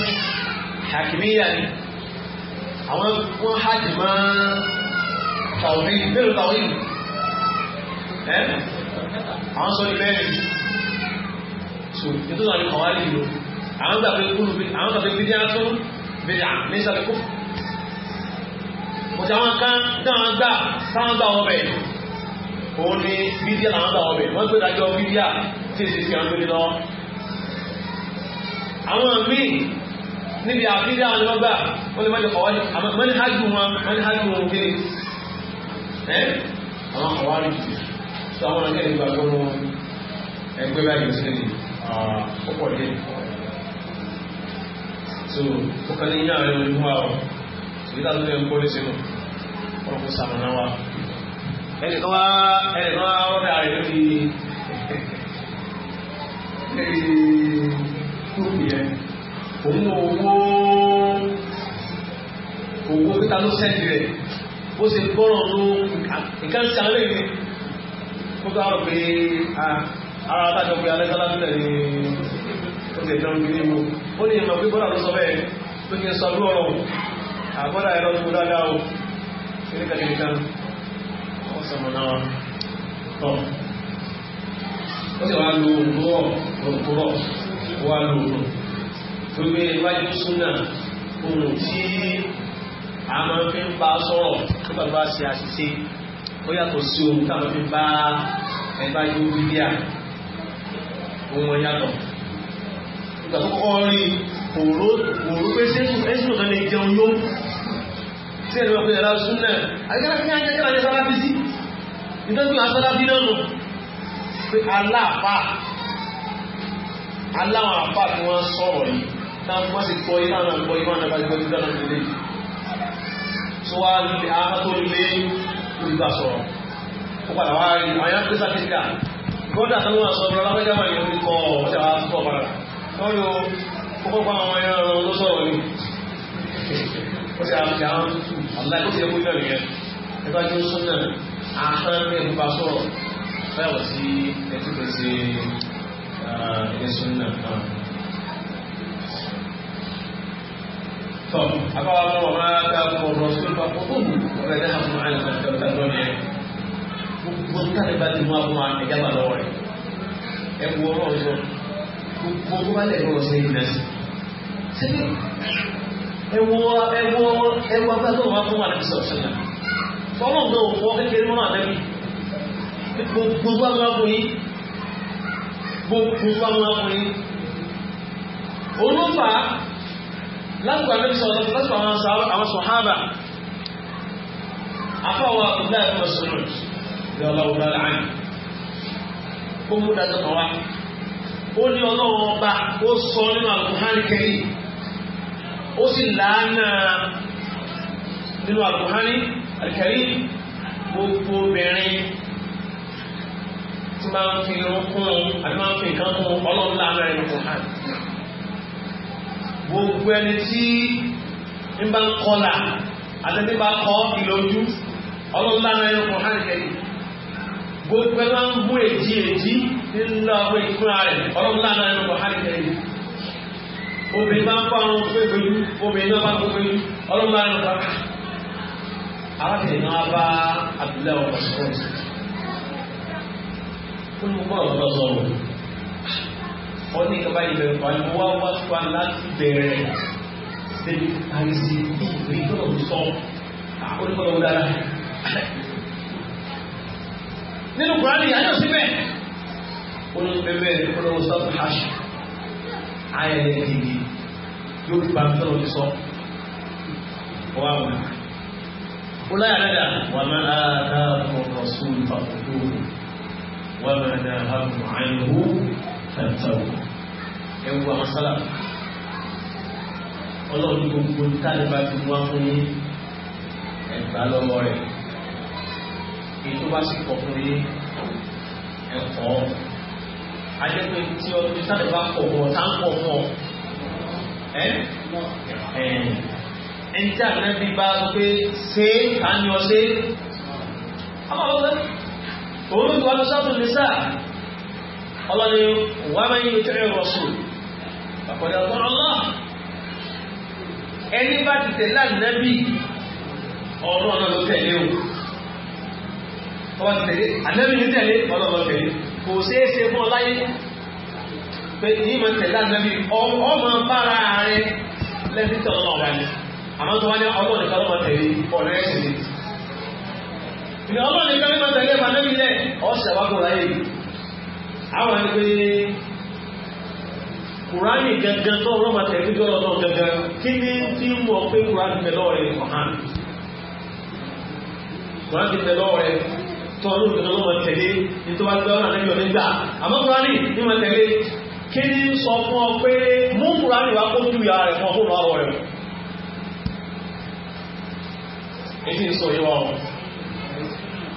hakimiyya ni àwọn wọ́n hajj máa tàwí mélòó tàwí ẹ́ àwọn sọ ní bẹ́ẹ̀ ni so ètò náà ni kọ̀wá lè lò àwọn gbàgbé kúrú bí àwọn gbàgbé bí díẹ̀ tó bẹ̀rẹ̀ ní sàbẹ̀kú mo ti àwọn kan dáhùn gbà táwọn gbà wọn bẹ̀ òun ni bídíà làwọn gbà wọn bẹ̀ wọ́n gbé dájọ́ bídíà tí èsì fi àwọn gbélé lọ àwọn míì níbi àfíríà àwọn ọgbà wọ́n lè mọ́jọ kọ̀wárí mọ́ni hajjú wọn mọ́ni hajjú wọn kéré ẹ́ àwọn kọ̀wárí tó àwọn ọ̀nà kẹ́lẹ̀ ìgbà gbọ́nà ẹgbẹ́ báyìí sí ni ọ̀pọ̀ dé so ó kàn ní yàrá ẹ̀rọ ìmú àwọn ìdá tó lè ń kó lẹ́sẹ̀ náà wọ́n kó sàmùnà rẹ̀ lórí lórí kúrú òun owó owó pípa ló sẹ́ǹdì rẹ̀ ó sì gbọ́rọ̀ ló nǹkan ti àárẹ̀ ni ó tó àrò pé ara adájọ pé alẹ́sọ́lá nílẹ̀ ni ó ti ẹ̀dá orí nínú ó ní ìmọ̀ pé bọ́dà ló sọ bẹ́ẹ̀ tó ní sọ lọ́rọ̀ àbọ́dà ẹ̀rọ tó dáadáa o ní kàkẹ́kẹ́ ó sọ mọ̀ náà tọ́ ó sì wá lo òun tó rọ̀ òun tó rọ̀ ó wá lo òun gbogbo ìwádìí súnà ohun tí a máa fi ń bá sọ̀rọ̀ nígbà tó bá ṣe àṣìṣe ó yàtọ̀ sí ohun tí a máa fi bá ẹgbẹ́ ayé orí bíà ohun yàtọ̀ nígbà tó kọ́ rí òró òró pé sẹ́sùn ẹ̀sùn kan lè jẹun yó sí ẹ̀rọ pé ẹ̀rọ súnà àgbẹ̀rẹ̀ kí á jẹ́ ìwádìí sára bí sí náà nù pé aláàpá aláwọn àpá tí wọ́n sọ̀rọ̀ yìí wọ́n sì kọ́ iná náà kọ́ iná náà gbọ́ iná náà lè tó wá lè àwọn tó lè olùgbà sọ̀rọ̀ ó padà wá rí àwọn yàtọ̀ tó sàkíkà gbọ́dọ̀ àtàwọn wọn sọ̀rọ̀ lápẹ́jà wọn ni orí kọ́ ọ̀tẹ̀ wá sọ̀ padà wọ́n yóò kókó pa àwọn ẹran ọ̀rọ̀ ló sọ̀rọ̀ ni ó sì àwọn ìjà wọn tutù àlá ó sì ẹkú náà nìyẹn ẹgbẹ́ tó sún náà àhán ní ẹ̀kú bá sọ̀rọ̀ báyọ̀ sí ẹtí pèsè ẹ̀sùn náà طب أقوى وما آتاكم الرسول فخذوه ونهاكم عنه فاجتنبوه mọ̀tàlẹ́bà ti máa fún ẹjábà lọ́wọ́ rẹ̀ ẹkù ọmọ ọ̀sọ́ mo tó bá lẹ́gbọ́n ọ̀sẹ̀ ìrìnà sí síbí ẹwọ ẹwọ ẹwọ agbátọ̀ wà fún àlẹ́bíṣọ̀ ṣẹlẹ̀ fọ́nà náà wọ́ kékeré mọ́ àlẹ́bí gbogbo lásìkò àmẹ́bí sọ̀rọ̀ lásìkò àwọn sọ̀hábà afọwọ́ abdullahi ibn mas'ud yọlọ ọba láàyè ó mú dájọ́ kan wá ó ní ọlọ́wọ́ ọba ó sọ nínú àlùkùhánì kẹ́yìn ó sì làánà nínú àlùkùhánì kẹ́yìn gbogbo obìnrin tí máa ń fi irun kún un àbí máa ń fi nǹkan kún ọlọ́run làánà nínú gbogbo ẹni tí ń bá ń kọlà àtẹ̀tí bá kọ́ ìlójú ọlọ́lára ẹni kò hàn kẹ́lì gbogbo ẹni wọn mú èjì èjì nínú àwọn ìfúnra rẹ̀ ọlọ́lára ẹni kò hàn kẹ́lì obìnrin bá ń kọ́ àwọn gbégbélu obìnrin náà bá ń ọlọ́lára ẹni kò hàn arábìnrin náà bá ọkọ̀ ọ̀rọ̀ lọ́sọ̀rọ̀ ó ní kaba ìbẹ̀rù ni wá wá tó wa láti bẹ̀rẹ̀ débi parí sí bí ìwé tó ń sọ àkóníkọ̀ lọ́wọ́ dára. nínú kùránì yàrá yóò síbẹ̀ ó ní bẹ́ẹ̀ olówó sáfù hash ayẹyẹ dìde yóò fi pàmì sọ̀rọ̀ ti sọ wà wà. Wọ́lá yàrá dà wà má a ká ọ̀rọ̀ sùn fàkùkù wà má a dà hàmù àyẹ̀wò ẹwù àwọn sálà ọlọ́run ní gbogbo tálíbà ti wá fún yín ẹgbà lọ́wọ́ rẹ̀ èyí tó bá sì kọ̀ fún yín ẹ̀kọ́ ajẹ́pẹ́ tí ọdún tálíbà kọ̀ wọ́n tá ń kọ̀ fún ọ ẹ́ ẹni tí ànábì bá pé ṣé ká ní ọ ṣe àmọ́ ọ̀gbẹ́ òun ló ti wá lọ sábà lè ọlọ́ni wàá máa ń yẹ kẹrẹ́ rọ̀ sùn àkọ́dà ọ̀tọ̀ Allah ẹni bá ti tẹ̀lé ànábì ọ̀rọ̀ ọ̀nà ló tẹ̀lé o ọba ti tẹ̀lé ànábì ní tẹ̀lé ọ̀nà ló tẹ̀lé kò ṣeé ṣe fún ọ láyé pé ní ìmọ̀ tẹ̀lé ànábì ọmọ bára rẹ lẹ́sìn tẹ̀lé ọ̀gá ni àmọ́ tó wá ní ọlọ́run nìkan ló máa tẹ̀lé ọ̀nà ẹ̀sìn ni ìní ọlọ́run nìkan ló máa tẹ̀lé ọ̀nà ẹ̀sìn ni ọ̀sẹ̀ wákò láyé àwọn ẹni pé kùránì gangan tó rọ́mà tẹ̀lẹ́jọ́ lọ́nà gangan kí ní tí ń mọ̀ pé kùránì tẹ̀lọ́ rẹ̀ kọ̀hán kùránì tẹ̀lọ́ rẹ̀ tó ọdún ìgbẹ̀lọ́ lọ́mà tẹ̀lé nítorí wọ́n gbẹ́wọ́n àlejò nígbà àmọ́ kùránì ní wọ́n tẹ̀lé kí ní sọ fún ọ pé mú kùránì wá kó tú ìyá rẹ̀ fún ọkùnrin ọ̀rọ̀ rẹ̀ èyí ń sọ yíwọ́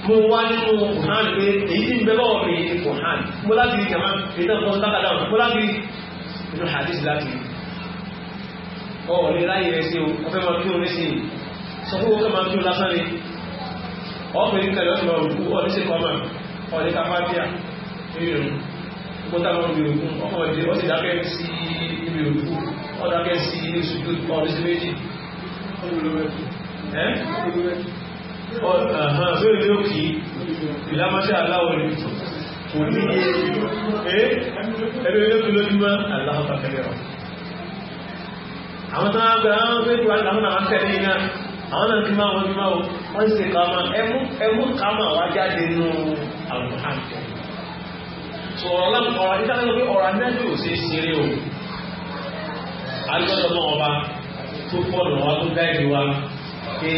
mo wá nínú kùránì pé èyí ń bẹ lọ́wọ́ mi kùránì mo láti jàmá èyí náà kọ́ nínú hadith láti ọ̀ọ̀lẹ́ ráyè rẹ̀ sí o ọ̀fẹ́ máa kí o ní sí i sọ fún owó máa kí o lásán ni ọ̀fẹ́ kẹlẹ̀ ọ̀fẹ́ máa rùkú ọ̀lẹ́ sí kọ́mà ọ̀lẹ́ ká fáfíà nínú ìrùn gbogbo táwọn ọmọ ìrùkú ọkọ̀ ìdílé ó sì dákẹ́ sí ibi ìrùkú ó dákẹ́ sí ilé ìṣújú ọ̀lẹ́ sí méjì ọ̀hán sí ìlú òkì ìlàmọ́sí aláwọ̀ ìrùkú kò ní ẹ̀rọ ilé tó lójúmọ́ aláhùpá tẹ́lẹ̀ rọ̀ àwọn tó máa gbà àwọn tó wà láwọn àwọn tẹ́lẹ̀ iná àwọn náà ti máa wọn ti máa wọ́n sì kà máa ẹmú ká máa wá jáde nù àwọn àǹtẹ̀ sọ̀rọ̀ ọ̀rọ̀ àdídá lọ pé ọ̀rọ̀ àdídájú ò sí ṣeré o alùpàdé ọmọ ọba tó pọ̀ wá tó dá ìlú wa pé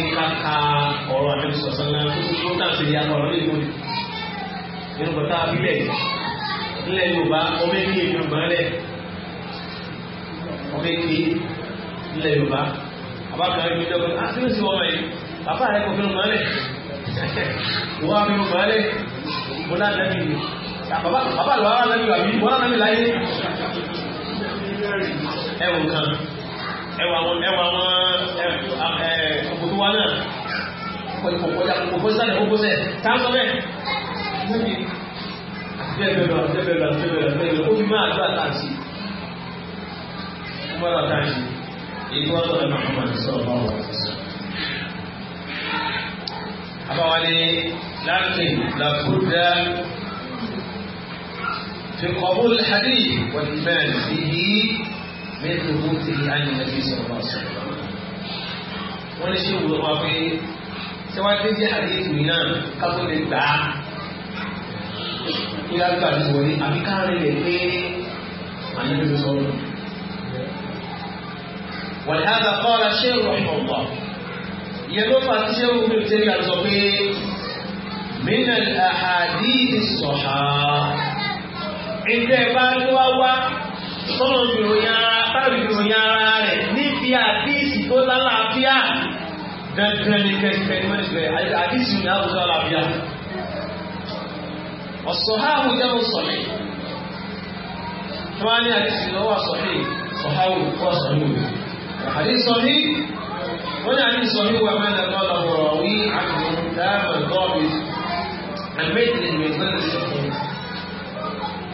ọ̀rọ̀ àdídájú nínú kọta abílẹ̀ nílẹ̀ yorùbá ọmọ èké yorùbá lẹ̀ ọmọ èké nílẹ̀ yorùbá àbákan ẹgbẹ́ ìjọba ah, àti ní sí ọmọ yìí bàbá rẹ kò fi ń mọ́lẹ̀ wọ́n á fi ń mọ́lẹ̀ mo ah, náà nàbí ni bàbá lọ́wọ́ á nàbí wàbí wọ́n á nàbí láyé ẹ̀wọ̀n kan ẹ̀wọ̀n àwọn ọkùnrin wa náà kọ̀ọ̀kọ̀ kọjá kọ̀ọ̀kọ̀ sálẹ̀ kọ̀ọ̀kọ̀ sẹ̀ tá a sọ bẹ́ẹ̀ ànábì bẹ́ẹ̀ lọ bẹ́ẹ̀ lọ bẹ́ẹ̀ lọ bẹ́ẹ̀ lọ ó fi máa dúrà táàsì ó máa dúrà táàsì èyí wọ́n lọ́dọ̀ náà wọ́n máa ti sọ̀rọ̀ báwọn wà ti sọ. àbáwọlé láàkín làkúdà في قبول الحديث والإيمان به من ثبوته عن النبي صلى الله عليه وسلم wọ́n ní ṣe wùdọ̀ wá منام ṣé wá bóyá gbà ní wọlé àbí káàrin rẹ̀ pé àyẹ̀wò ló sọ̀rọ̀. wàlhálà kọ́ra ṣé ìrọ̀pọ̀ pọ̀ ìyẹn ló fà tí ṣéwù mi ò tẹ́lẹ̀ àtọ̀ pé mínà àhàdí ìsọ̀hà ìgbẹ́ bá ló wá wá tọ́lọ̀ ìròyìn ara tábì ìròyìn ara rẹ̀ níbi àdíìsì tó lálàáfíà dandan ní kẹsìkẹsì mẹ́sìlẹ̀ àdíìsì ní àwùjọ àlàáfíà ọ̀sọ̀háàmù jẹ́ òsọ̀lẹ̀ wọ́n ní àdìsí lọ́wọ́ sọ̀lẹ̀ sọ̀háàmù kọ́ sọ̀lẹ̀ àdìsí sọ̀lẹ̀ wọ́n ní àdìsí sọ̀lẹ̀ wà máa dàgbà lọ́wọ́ wí àdùn dáàbà gọ́ọ̀bì àmẹ́tìlì mẹ́tìlì sọ̀lẹ̀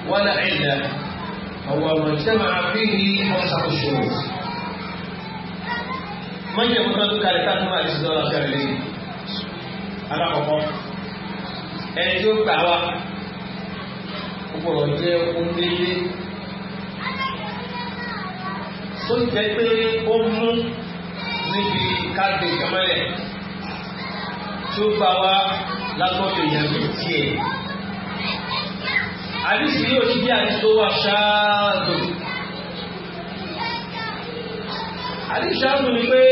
wọ́n ní àìdá ọ̀wọ̀ mọ̀tẹ́mà àfihì ọ̀sà òṣòwò mọ̀jẹ̀ mọ́tò tó kárẹ̀ káàkiri àdìsí lọ́wọ́ kárẹ̀ ẹni tó gbà wá gbọ́dọ̀ jẹ́ onílé tó ń jẹ́ pé ó mú níbi káàdì ìjọmọ́lẹ̀ tí ó bá wá látọ̀dọ̀ èèyàn bí tiẹ̀. àdìsí yóò ṣí bí àdìsí tó wà ṣáàdù. àdìsí ṣáàdù ni pé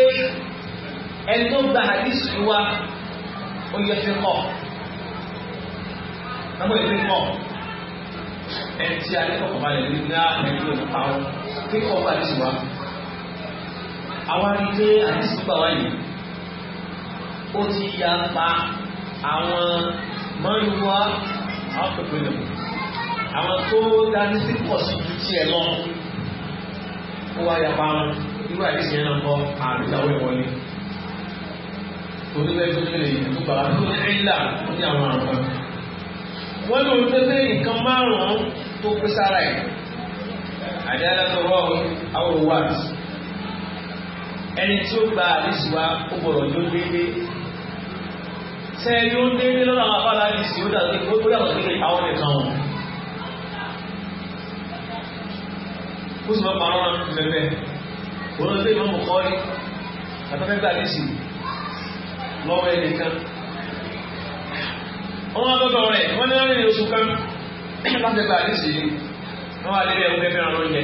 ẹni tó gba àdìsí wa ó yẹ fi kọ̀. Àwọn ìpín kọ̀ ẹni tí alẹ́ kọ̀ọ̀kan balẹ̀ ní ní ẹgbẹ́ òun pa wọn kí kọ́ bá ti wá. àwa rí i pé àdìsí gbà wá yìí ó ti ya pa àwọn mọ́nùwá àwọn pẹ̀pẹ̀ lẹ̀ àwọn tó dání sí pọ̀ sí ju tiẹ̀ lọ ó wá ya pa wọn irú àdìsí yẹn náà kọ́ àdìsíwáwé wọlé onígbẹ́jọ́ lè yẹ kó bàbá tó ní ìlà ó ní àwọn àrùn kan wọ́n ló ń pépé nǹkan márùn-ún tó pé sára ẹ̀ àdáyàtọ̀ rọ́ọ̀ àwọn wà ẹni tí ó gba àdìsí wa ó gbọ́dọ̀ ló déédéé tẹ yóò déédéé lọ́nà àwọn afárá àdìsí ó dàbí pé ó yàtọ̀ sí àwọn nìkan wọn. ó sì máa parọ́ náà lẹ́lẹ́ òun ló dé ìmọ̀ mọ̀kọ́ rí àtàkẹ́gbẹ́ àdìsí lọ́wọ́ ẹnìkan. wọ́n wá lọ́dọ̀ rẹ̀ ní láti ní oṣù kan láti gba àdísì yìí wọ́n wá lé ẹ̀kú ẹ̀fẹ́ ọ̀rọ̀ oúnjẹ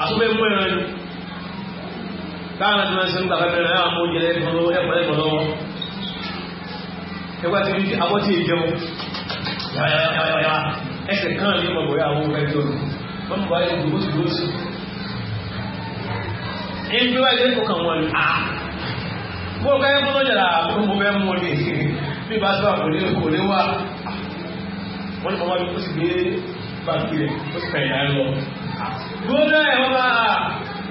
àtúbẹ̀ mú ẹ̀rọ ni báwọn ti máa ń ṣe ń gbà fẹ́ mẹ́rin àwọn oúnjẹ ẹ̀kọ́ ẹ̀kọ́ lọ́wọ́ ẹgbẹ́ ti fi abọ́ tí èjẹun yàyàyàyà ẹsẹ̀ kan ní ọmọ bòyá àwọn ọmọ wọn mú ẹni bí wọn ni a bó ká ẹ̀kọ́ lọ́jà là mo fẹ́ mú ọ ní bí bá sọ́wà kò ní kò ní wá wọ́n ni mọ́ wájú ó sì gbé báńkì rẹ̀ ó sì kàìyà lọ gbọ́nà ẹ̀ wọ́n bá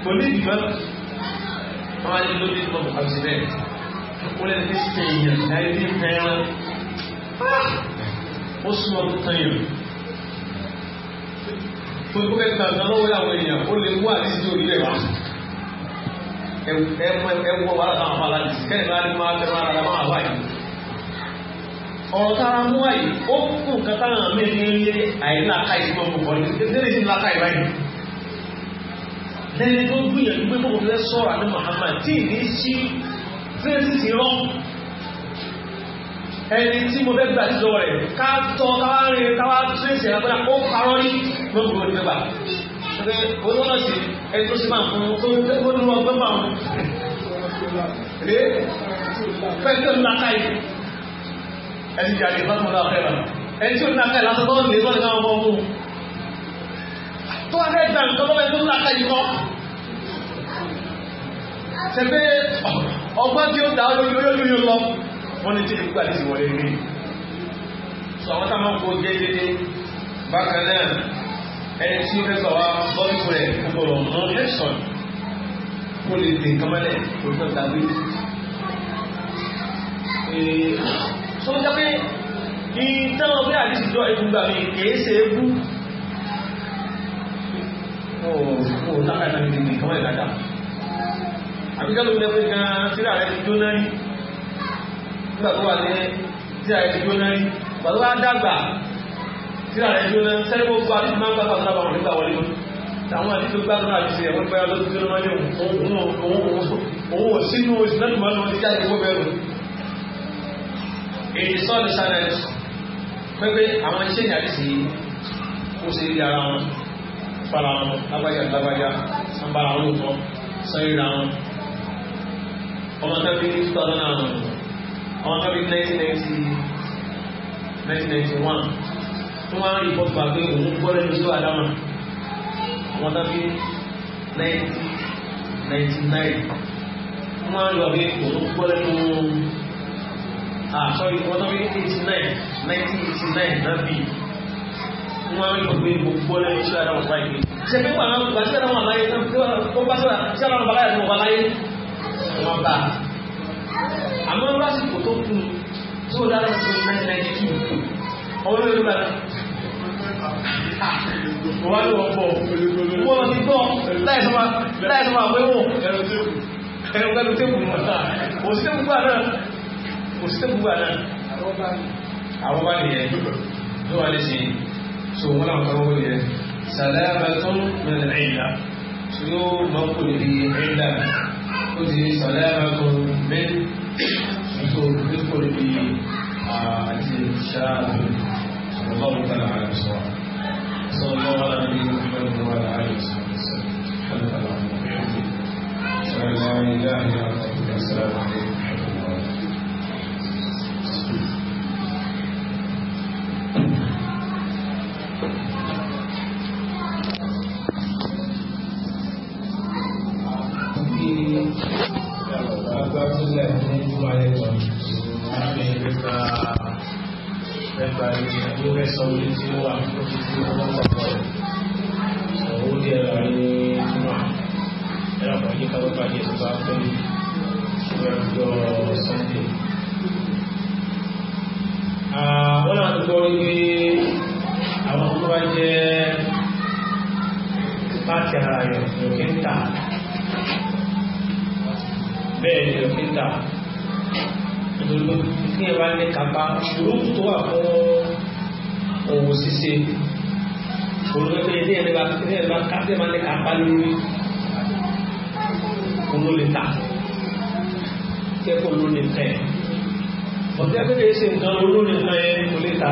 kò ní ìdìbọ́ wọ́n wá ní ló ní ìdìbọ́ bùkà sí bẹ́ẹ̀ ó lẹ́nu tí sì èèyàn láyé ní fẹ́ràn ah! ó súnmọ́ tó tán yìí tó kó fẹ́ tàn lọ́wọ́ àwọn èèyàn ó lè wá àti sí orí rẹ̀ wá ẹwọ wàhálà àwọn aláàdì kẹ́rin máa ní máa tẹ́wọ́ máa wáyé ọ̀rọ̀ tára mú àyè ó kù nǹkan táwọn àmì ní ilé àìláka ìgbọ́n kòkòrò ní kékeré sí láka ìbáyìí lẹ́yìn tó gbìyànjú pé kókò fẹ́ sọ̀rọ̀ àní Muhammad tí ì ní sí fẹ́ẹ́sì sí rán ẹni tí mo fẹ́ gbà sí lọ́wọ́ rẹ̀ ká tọ́ káwá rìn káwá tírèsì àgbàdà ó parọ́ ní gbogbo ìgbà pé olóòsì ẹni tó ṣe máa fún un tó ń fẹ́ kó ní wọn gbẹ́ máa fún un ẹni tí a lè fọ́nmọ́ náà fẹ́ràn ẹni tí ó ní akẹ́ lásán tọ́lọ́ lè fọ́nmọ́ náà wọ́n mú tó wá fẹ́ gbà nǹkan lọ́wọ́ ẹni tó ní akẹ́ yìí kọ́ ṣe pé ọgbọ́n tí ó dá olórí olórí yóò lọ wọ́n ní tí ìlú gbà ti wọlé rí sọ àwọn táwọn kò déédéé bákan náà ẹni tí ó fẹ́ sọ wá lọ́dún rẹ̀ gbọ́dọ̀ mú lẹ́sọ̀n kó lè dè kọ́mọ́lẹ̀ kó so ń jẹ́ pé ìtẹ́wọ̀n pé àdìsí jọ ìgbà mi kìí ṣe é bú ó lákàtà ní ti kọ́wọ́ ìdájà àbíkálù ilẹ̀ pé gan síra rẹ̀ ti jóná rí nígbà tó wà ní síra rẹ̀ ti jóná rí pàtó wá dàgbà síra rẹ̀ jóná sẹ́yìn gbogbo àti máa ń gbàgbà tó lábàwọn nígbà wọlé mọ́ àwọn àti tó gbàdúrà àti ṣe ẹ̀wọ́n pẹ́ ọlọ́dún tó lọ́mọdé òun ìrìnsọ́ọ̀lù sanad pẹ́pẹ́ àwọn iṣẹ́ ní àdìsí kó ṣe rí ara wọn fara wọn lágbájá lágbájá sanbara wọn lòtọ́ sanyira wọn ọmọ tábí ní two thousand and one ọmọ tábí nineteen ninety nineteen ninety one wọ́n máa ń rìpọ́tù bá pé òun gbọ́dọ̀ ní sọ́wọ́ àdámà ọmọ tábí nineteen ninety nine wọ́n máa ń lọ pé òun gbọ́dọ̀ ah sorry wọ́n tán bí eighty nine nineteen eighty nine náà bì wọ́n rí pé gbogbo ọlẹ́yìn iṣẹ́ àdáwọn ọ̀pá ìgbé ṣe pé pàmò ìgbà tí àdáwọn àláyé náà ó bá sọ́ra tí àdáwọn ọ̀pá láyé ọ̀pá láyé wọ́n bá àmọ́ lásìkò tó kù tí ó dára sí nineteen ninety two ọmọ yóò gbà wọ́n lọ pọ̀ wọ́n lọ sí gbọ́ láì sọ́mà láì sọ́mà pé wọ́n ẹ̀rọ tẹ́kù ẹ̀rọ tẹ́kù mọ̀ kò sí tẹ́gbùgbà náà àwọn bá nìyẹn ló wà ní sin so wọn làwọn kan wọ́n yẹ sàlẹ́mẹ́tún mẹ́rin ẹ̀yìnlá tí ó máa ń kó lè fi ẹ̀yìnlá ó ti الله على وسلم سبحانك اللهم وبحمدك اشهد ان لا Senhor. bá lórí òun ló lè ta tẹ́kọ̀ọ́ ló lè tẹ̀ ọ̀tẹ́ pé kìí ṣe nǹkan olóòrùn nǹkan yẹn kò lè ta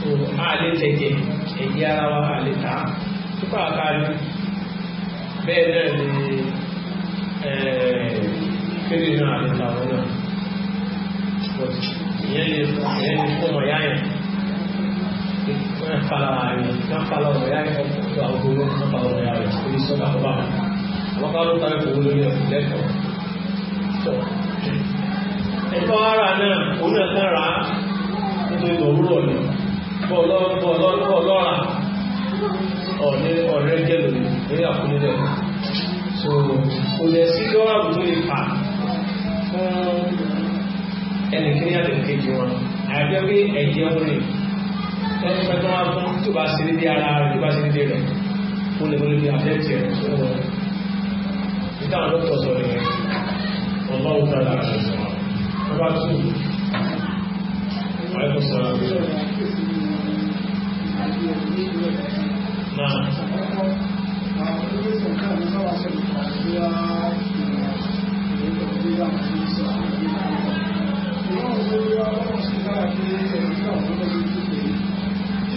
so a lè tẹ̀jẹ̀ ẹ̀jẹ̀ ara wa a lè ta púpọ̀ àkárí bẹ́ẹ̀ náà ni kéde náà a lè ta wọn náà ìyẹn lè ìyẹn lè fún ọmọ yáyẹn ìyẹn fara ààrẹ ìyẹn tó àwọn tó ló ń sọ́pà ọmọ ya rẹ̀ tó ní sọ́pà ọba rẹ̀ wọ́n bá ló tàbí òun lórí ẹ̀kùn lẹ́kọ̀ọ́ ẹ̀kọ́ ara náà òun ẹ̀kọ́ ra nítorí òwúrọ̀ ni bọ́ọ̀lọ́ra ọ̀rẹ́ jẹ́ lórí lórí àkúnilẹ̀ so kò lẹ̀ sí lọ́ra tó lè fà fún ẹnìkíní àtẹ̀kejì wọn àyàjẹ́ pé ẹ̀jẹ̀ wọn rìn ẹgbẹ́ tó máa fún tí ó bá ṣe dédé ara rẹ̀ tí ó bá ṣe dédé rẹ̀ ó lè wọlé ní àfẹ́tì rẹ̀ tó lọ níta àwọn dókítà sọ rẹ̀ ọ̀nà òkúta lára rẹ̀ sọ ọba tó ọ̀rẹ́kọ̀ sọ rẹ̀ náà Thank you.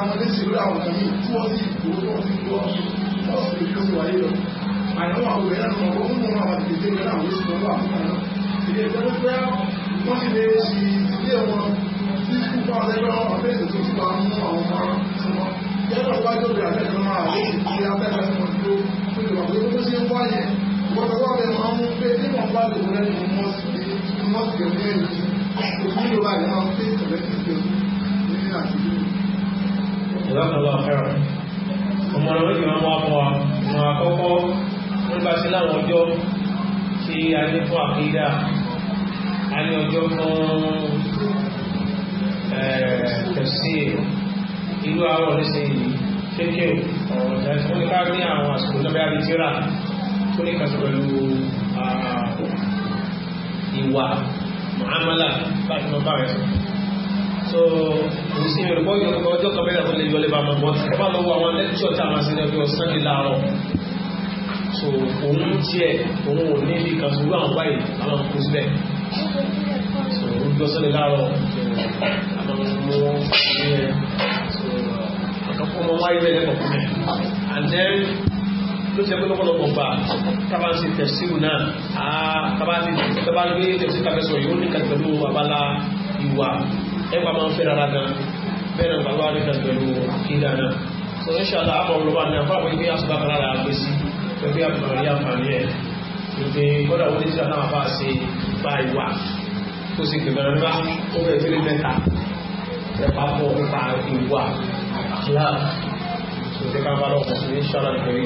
àwọn ẹlẹ́sìn lórí àwọn ọ̀nà yìí tí ìlọ́kànlọ́ fẹ́ràn ọmọ ọ̀rọ̀ méjì máa ń wá fún wa ọmọ àkọ́kọ́ nípa sí láwọn ọjọ́ tí a ní fún àkídà a ní ọjọ́ fún eh, tẹ̀sí ìlú àárọ̀ nísìnyí kéèkéè ọ̀rọ̀ ìdájí wọ́n ní ká ní àwọn àsìkò náà bí a lè tíra tó ní kàṣọ pẹ̀lú ah, bá rẹ̀ sọ̀rọ̀ so we see ìrìn boy, ìrìn kan ọjọ́ kan bẹ́ẹ̀ tó lè yọ lè bá mọ̀ bọ́ ẹ bá lọ wọ àwọn lẹ́kṣọ̀ tá a máa ṣe ní ọjọ́ sunday láàárọ̀ so òun tiẹ̀ òun ò ní ibi kan ṣùgbọ́n àwọn báyìí àwọn kò síbẹ̀ so òun jọ sunday láàárọ̀ àwọn ọmọ wọn ní ẹ so àkọ́kọ́ ọmọ wáyé bẹ́ẹ̀ lẹ́kọ̀ọ́ and then ló ṣe pé lọ́pọ̀lọpọ̀ gbà tábà sí tẹ̀síù náà àá tábà sí tábà gbé tẹ̀síù tàbí sọ̀rọ̀ yóò ní kàtàkùn abala ìwà ẹgbà máa ń fẹ́ rárá gan bẹ́ẹ̀ náà bàbá rí kan pẹ̀lú àkídà náà so inshallah àmọ́ olùbá náà fún àwọn ibi àṣùbá kan lára àgbé sí pẹ̀lú àbùkù rí àǹfààní ẹ̀ ìpè kọ́dà wọlé tí àwọn àbá ṣe bá ìwà kó sì gbẹ̀mọ̀ nípa ó bẹ̀rẹ̀ sílé mẹ́ta ẹ̀pá pọ̀ nípa ìwà àkíyà tó ti ká bá lọ́pọ̀ sí inshallah ìpẹ̀lú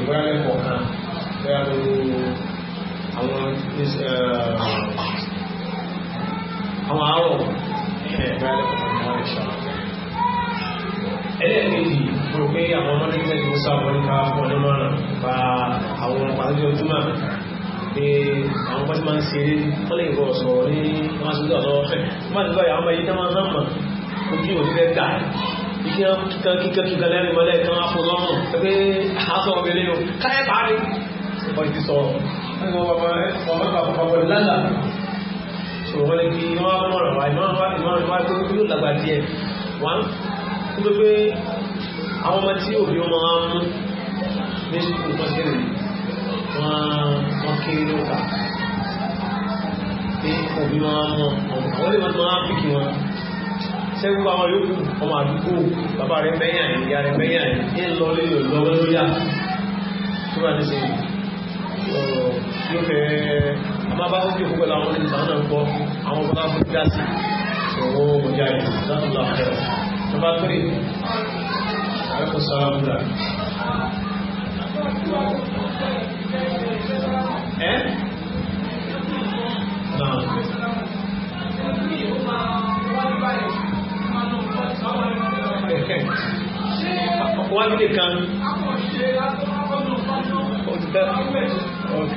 ìgbẹ́ ẹlẹ́ẹ̀kejì rò pé àwọn ọmọdé ní ẹni musa wọn ká fún ọdún márùn pa àwọn pàtàkì ojúmọ́ pé àwọn pàtàkì máa ń ṣe eré wọ́n lè rọ̀ sọ̀rọ̀ ní wọ́n sọ́dọ̀ lọ́wọ́ fẹ́ wọ́n ti báyìí àwọn ọmọ yìí tán máa ń mọ̀ ojú òní fẹ́ kà kíkẹ́ kíkẹ́ kíkẹ́ kíkẹ́ lẹ́nu mọ́lẹ̀ tán á fún lọ́rùn pé so wọ́n lè fi wọ́n wá mọ̀ràn wá ìmọ̀ràn wá ìmọ̀ràn wá tó yóò lágbà díẹ̀ wọ́n tó pé àwọn ọmọ tí òbí wọn máa ń mú ní sùkúl wọn sí rèé wọ́n kéré ló kà pé òbí wọn á mọ àwọn lè máa tó wọn á pìkì wọn sẹ́gun àwọn yòókù ọmọ àdúgbò bàbá rẹ̀ bẹ́yàn ìyá rẹ̀ bẹ́yàn ń lọ lé lọ́wọ́ tó wà ní sẹ́yìn àmá bá fún kíkọ́ pẹ̀lú àwọn olùsàn náà kọ́ àwọn ọmọ láti dá sí owó ọjà ìlú sátúlá ẹ̀rọ nọmba tírì ẹ̀kọ́ sára ẹ́ wọ́n kan ó ti tẹ́ ok.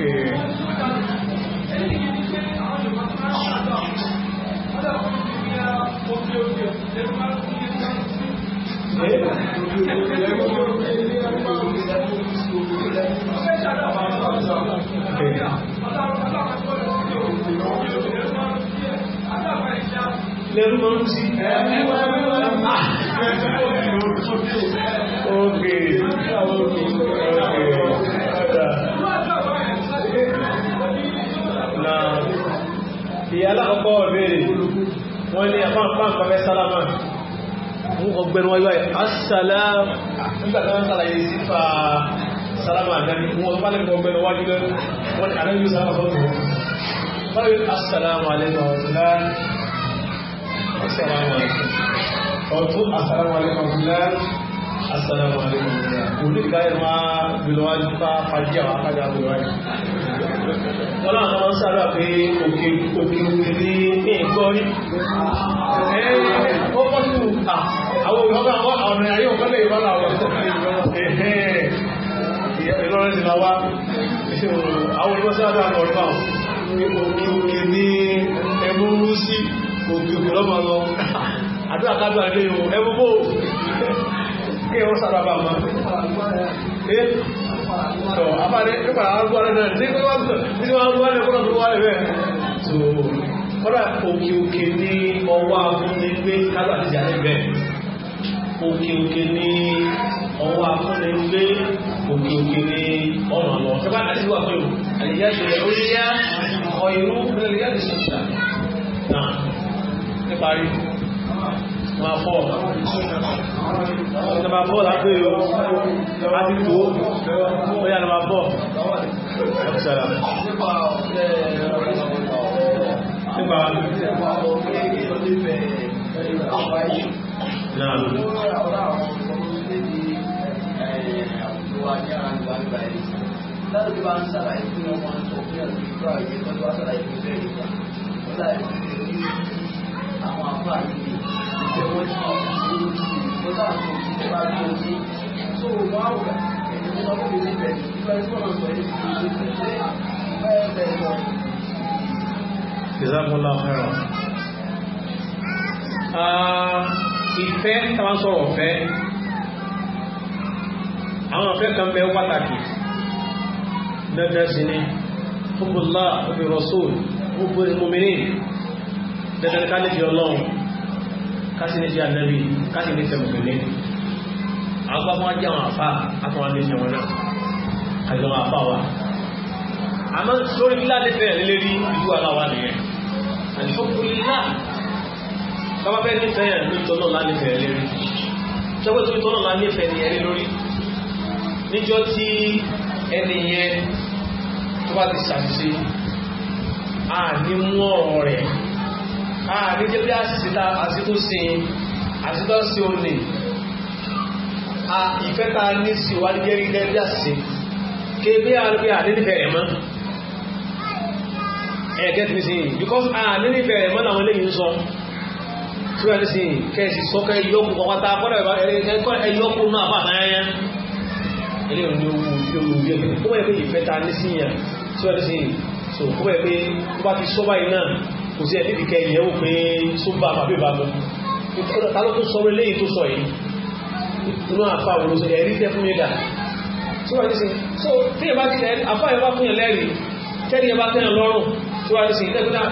Lẹ́rú mọ́rún sí ẹ̀mí wọ́n ẹ̀mí wọ́n ẹ̀mí wọ́n ẹ̀mí wọ́n ẹ̀mí wọ́n ti aláàkọ́ ọ̀bẹ̀rẹ̀ wọ́n ní àpáǹpáǹ kọfẹ́ sálámà mú ọgbẹ̀rún wáyé wáyé asàlámà nígbàtí wọ́n sàlàyé sífà sálámà àdáni wọ́n tó bá lẹ́gbẹ̀ ọgbẹ̀rún wájú lẹ́rù wọ́n ni àdáni yóò sálámà sọ́tọ̀ wọ́n ni asàlámà àlẹ́kọ̀ ọ̀tọ̀lá asàlámà àlẹ́kọ̀ ọ̀tún asàlámà àlẹ́kọ̀ ọ̀tọ̀lá asàlámà àlẹ́kọ̀ ọ̀tọ̀lá ọlọ́run àwọn sára pé òkè òkè òkè ní ìgbọ́rí ó kọ́ sí àwọn ìrọ́bà ọ̀nà ayé òkọ́lẹ̀ ìrọ́bà ìlọ́rin ti láwá àwọn olùgbọ́sára ọ̀rọ̀ òkè òkè ní ẹgbúrú sí òkè òkè lọ́mọ lọ àdúrà kájú àdéhùn ẹgbúgbò kí ẹwọ́ sára bá so afáre ló padà wá gbọ́ lẹ́nu rẹ̀ ní pé wọ́n ti wọ́n so kọ́nà òkè òkè ní ọwọ́ afúnni pé kálọ̀ àti ìjà lẹ́gbẹ̀ẹ́ òkè òkè ní ọwọ́ afúnni pé òkè òkè ní ọ̀nà lọ ṣẹ́fà àti wà pé àyíyá ṣe ó yá ọ̀yọ́ ìlú ìpínlẹ̀ yá ti ṣe ṣà náà níparí oh ma fọ́ ọ̀nà bọ́ lápé o láti tó ó yà lọ́wọ́ bọ́ ọ̀sára nípa náà láti bí wọ́n ṣàlàyé pé wọ́n máa ń sọ pé ẹ̀rọ ìgbà ìgbà tó wá ṣàlàyé pé bẹ́ẹ̀ ìgbà wọ́n ṣàlàyé pé àwọn àfáà ní ìṣẹ̀wọ̀n ní ìlú ìjọba àti ìjọba àti òsì tó wọ́n á wọ̀ ẹ̀yìn ìfẹ́ táwọn sọ̀rọ̀ ọ̀fẹ́ àwọn ọ̀fẹ́ kan bẹ pàtàkì dandan sí ni hubbullah hubbur rasul hubbul mu'minin dandan ká ọlọ́run kasi ne fi anabi kasi ne fẹ́ mùsùlùmí agba wọn jẹ wọn afa afa wọn ne fẹ́ wọn náà kasi wọn afa wa àmọ́ sórí nílá ne fẹ́ lé rí ìlú ara wa nìyẹn àdìfọ kúlí náà bàbá bẹ́ẹ̀ ne fẹ́ yẹn lórí tọnà náà ne fẹ́ lé rí sọgbẹ tó tọnà náà ne fẹ́ nìyẹn lé lórí níjọ́ tí ẹni yẹn tó bá ti ṣàṣìṣe àní mú ọ̀rọ̀ rẹ̀ àní ah, jẹ́ pé àṣìṣe àṣìṣe sin àṣìṣe sí olè ìfẹ́ ta ní sí wájú jẹ́ rí gẹ́gẹ́ bí àṣìṣe kébé àlùfẹ́ àdínnífẹ́ rẹ̀ mọ́ ẹ̀ get me sin because àdínnífẹ́ rẹ̀ mọ́ làwọn eléyìí ń sọ tí wọ́n ti sin kẹ́ẹ̀sì sọ kẹ́ yọkù kọ́kọ́ta kọ́dọ̀ ẹ̀yọkù náà fà náyà eléyìí ni ó wù ó wù bí ẹ̀kọ́ kó bá yẹ pé ìfẹ́ ta ní sí yàn tí wọ́n ti sin so kó bá yẹ pé kó bá ti sọ báyìí náà kò sí ẹ̀lẹ́bì kẹyìn ẹwò pé sóbà àbábẹ́bà mú tàbí sọ́rọ̀ ilé tó sọ yìí inú so tí ẹ̀bá ti àfà ẹ̀bá fún ẹ̀lẹ́rì tẹ́rì ẹ̀bá tẹ́rì lọ́rùn tí wà ní sí ìtẹ́gbẹ́ta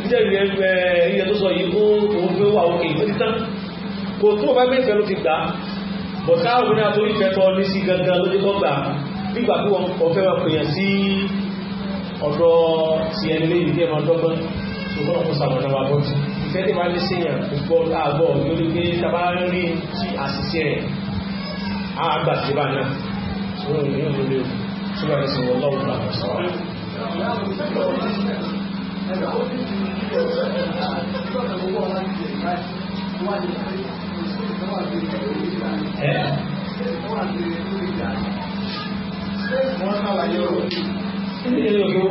ìtẹ́rì tó sọ yìí ó gbé wà òkè ìtẹ́rì tán kò tó ọ̀dọ̀ sí ẹni lé ṣùgbọ́n ọkọ̀ sàmọ̀nà wà bọ́ ìfẹ́ tí wọ́n lè ṣèyàn gbọ́ àgbọ̀ lórí pé tàbá rí tí àṣìṣe rẹ̀ àgbà tí bá náà ṣùgbọ́n ìrìn òun lè ṣùgbọ́n ẹ̀sìn wọ́n lọ́wọ́ àwọn sọ́wọ́ Ilé ìlú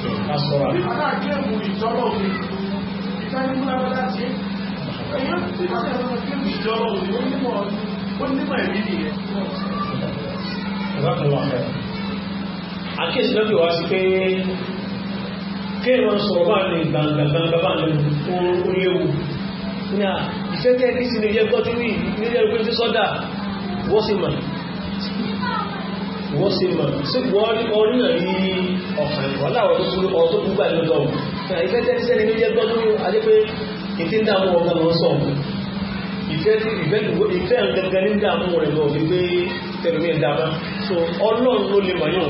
Kásọ̀rọ̀ àti. Nígbà àgbẹ̀ mú ìjọ́rọ̀ òní, ìtànímúlá wọ́n láti ẹ́. Ẹ̀yọ́ tí wọ́n tẹ̀lé wọn kí ó ní ìjọ́rọ̀ òní, ó nímọ̀ ó nímọ̀ ẹ̀mí nìyẹn. Ìwà kan wà fẹ́. Àkíyèsí lọ́bì wá sí pé kí wọ́n sọ̀rọ̀ bá ní gbangba gbangba bá ní orílẹ̀-èwò. Ní à, ìfẹ́ tẹ́ kí sí ní ilé tí ní ilé ẹgbẹ́ tí sọ́dà wọ́n sì mọ̀ wọ́n ṣe mọ̀ sí wọ́n rí orí náà rí ọ̀kan wọ́n láwọn tó kúrò ọ̀ tó kú gbà lọ́dọ̀ ìfẹ́ tẹ́tíṣẹ́ ni jẹ́ gbọ́dún adépé ìfẹ́ ń dààmú ọ̀gá lọ sọ̀ ìfẹ́ ìfẹ́ gẹ́gẹ́ ní dààmú rẹ̀ lọ wípé tẹ̀lé ń dàmá so ọlọ́run ló lè mọ̀ yóò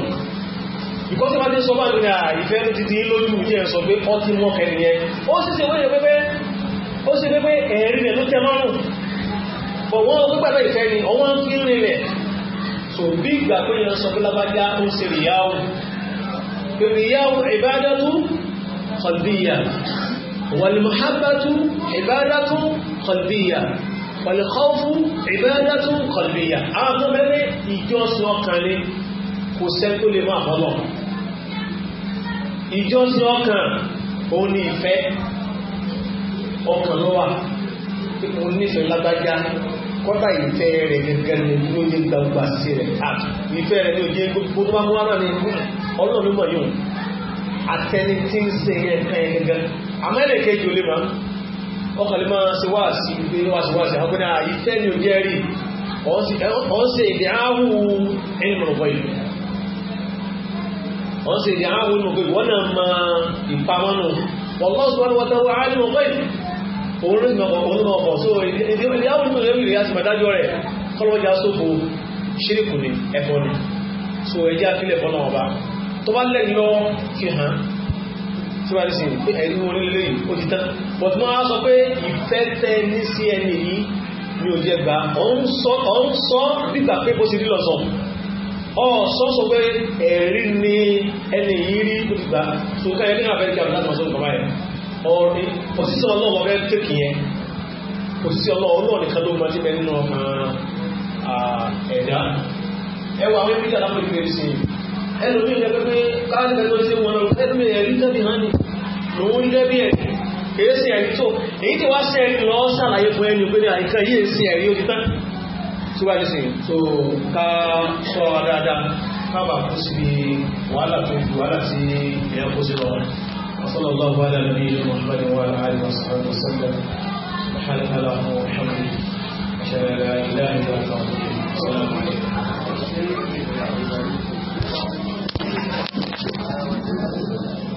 because if i dey suffer with her ìfẹ́ ló ti di lójú jẹ́ sọ pé ọ ti mọ́ kẹrin yẹn ó sì ṣe wọ́n yẹ pẹ́pẹ́ ó sì pẹ́pẹ́ ẹ̀rí rẹ̀ ló tẹ́ mọ́rùn-ún but wọ́n gbẹ́gbẹ́ ìfẹ́ ni ọwọ́n fi ń rin rẹ̀ so bí ìgbà pé yẹn sọ pé lábájá ó ṣe rìyáwó rìyáwó ìbádátú kọ̀díyà wàlùmọ̀hábátú ìbádátú kọ̀díyà wàlùkọ́fù ìbádátú kọ̀díyà àwọn tó mẹ́rin ìjọsìn ọkàn ni kò sẹ́ lè máa bọ́lọ̀ ìjọsìn ọkàn òun ni ìfẹ́ ọkàn ló kọ́dà ìfẹ́ rẹ̀ gẹ́gẹ́ ní ló jẹ́ gbangba sí rẹ̀ káàkiri ìfẹ́ rẹ̀ ló jẹ́ gbogbo tó bá mú wánà ní ọlọ́run ló mọ̀ yóò àtẹni tí ń ṣe ẹ̀fẹ́ gẹ́gẹ́ amẹ́rẹ̀ kejì ó lè máa ọkàlẹ́ máa ṣe wá sí ibi wá sí wá sí àwọn ìfẹ́ ni ò jẹ́ rí ọ̀n ṣe èdè áhù ẹnìmọ̀lọ́gbọ̀ yìí ọ̀n ṣe èdè áhù ẹnìmọ̀lọ́gbọ̀ yìí wọ́n náà máa ìpamọ́nù wọ́n lọ́sọ̀rọ̀ wọ́n tẹ́wọ́ òun so ìdí àwọn ìlú rẹ̀ rẹ̀ àti màdájọ́ rẹ̀ kọ́lọ́jà sófo ṣíríkù ni ẹ̀fọ́ ni so ẹjẹ́ àfilẹ̀ fọ́nà ọba tó bá lẹ́yìn lọ fi hàn tí wà ní sí pé ẹ̀rí wọn nílé ó ti tán but wọ́n á sọ pé ìfẹ́ tẹ ní sí ẹni yìí ni ò jẹ gbà ọ ń sọ nígbà pé bó ti rí lọ́sọ̀ ọ sọ sọ pé ẹ̀rí òsìsí ọlọ́wọ́ rẹ̀ tẹ́kì yẹn òsìsí ọlọ́wọ́ nìkan ló mọ́jú mẹ́ nínú ọmọ ẹ̀dá ẹwà àwọn ìpínlẹ̀ aláwọ̀ ìpínlẹ̀ sí ẹlòmí ilẹ̀ pẹ́pẹ́ káàkiri tó ṣe wọn ẹlòmí ẹ̀rí tẹ́bí hàn ní lòun lẹ́bí ẹ̀ kìí sí ẹ̀rí tó èyí tí wá sí ẹ̀rí lọ sàlàyé fún ẹni pé àìkan yìí sí ẹ̀rí ó ti tán tí wá sí tó ká sọ dáadáa ká bà kú síbi wàhálà tó ju wàhálà tí ẹ̀kọ́ sí lọ́wọ́ وصلى الله على نبينا محمد وعلى اله وصحبه وسلم وحلف له محمد اشهد ان لا اله الا الله السلام عليكم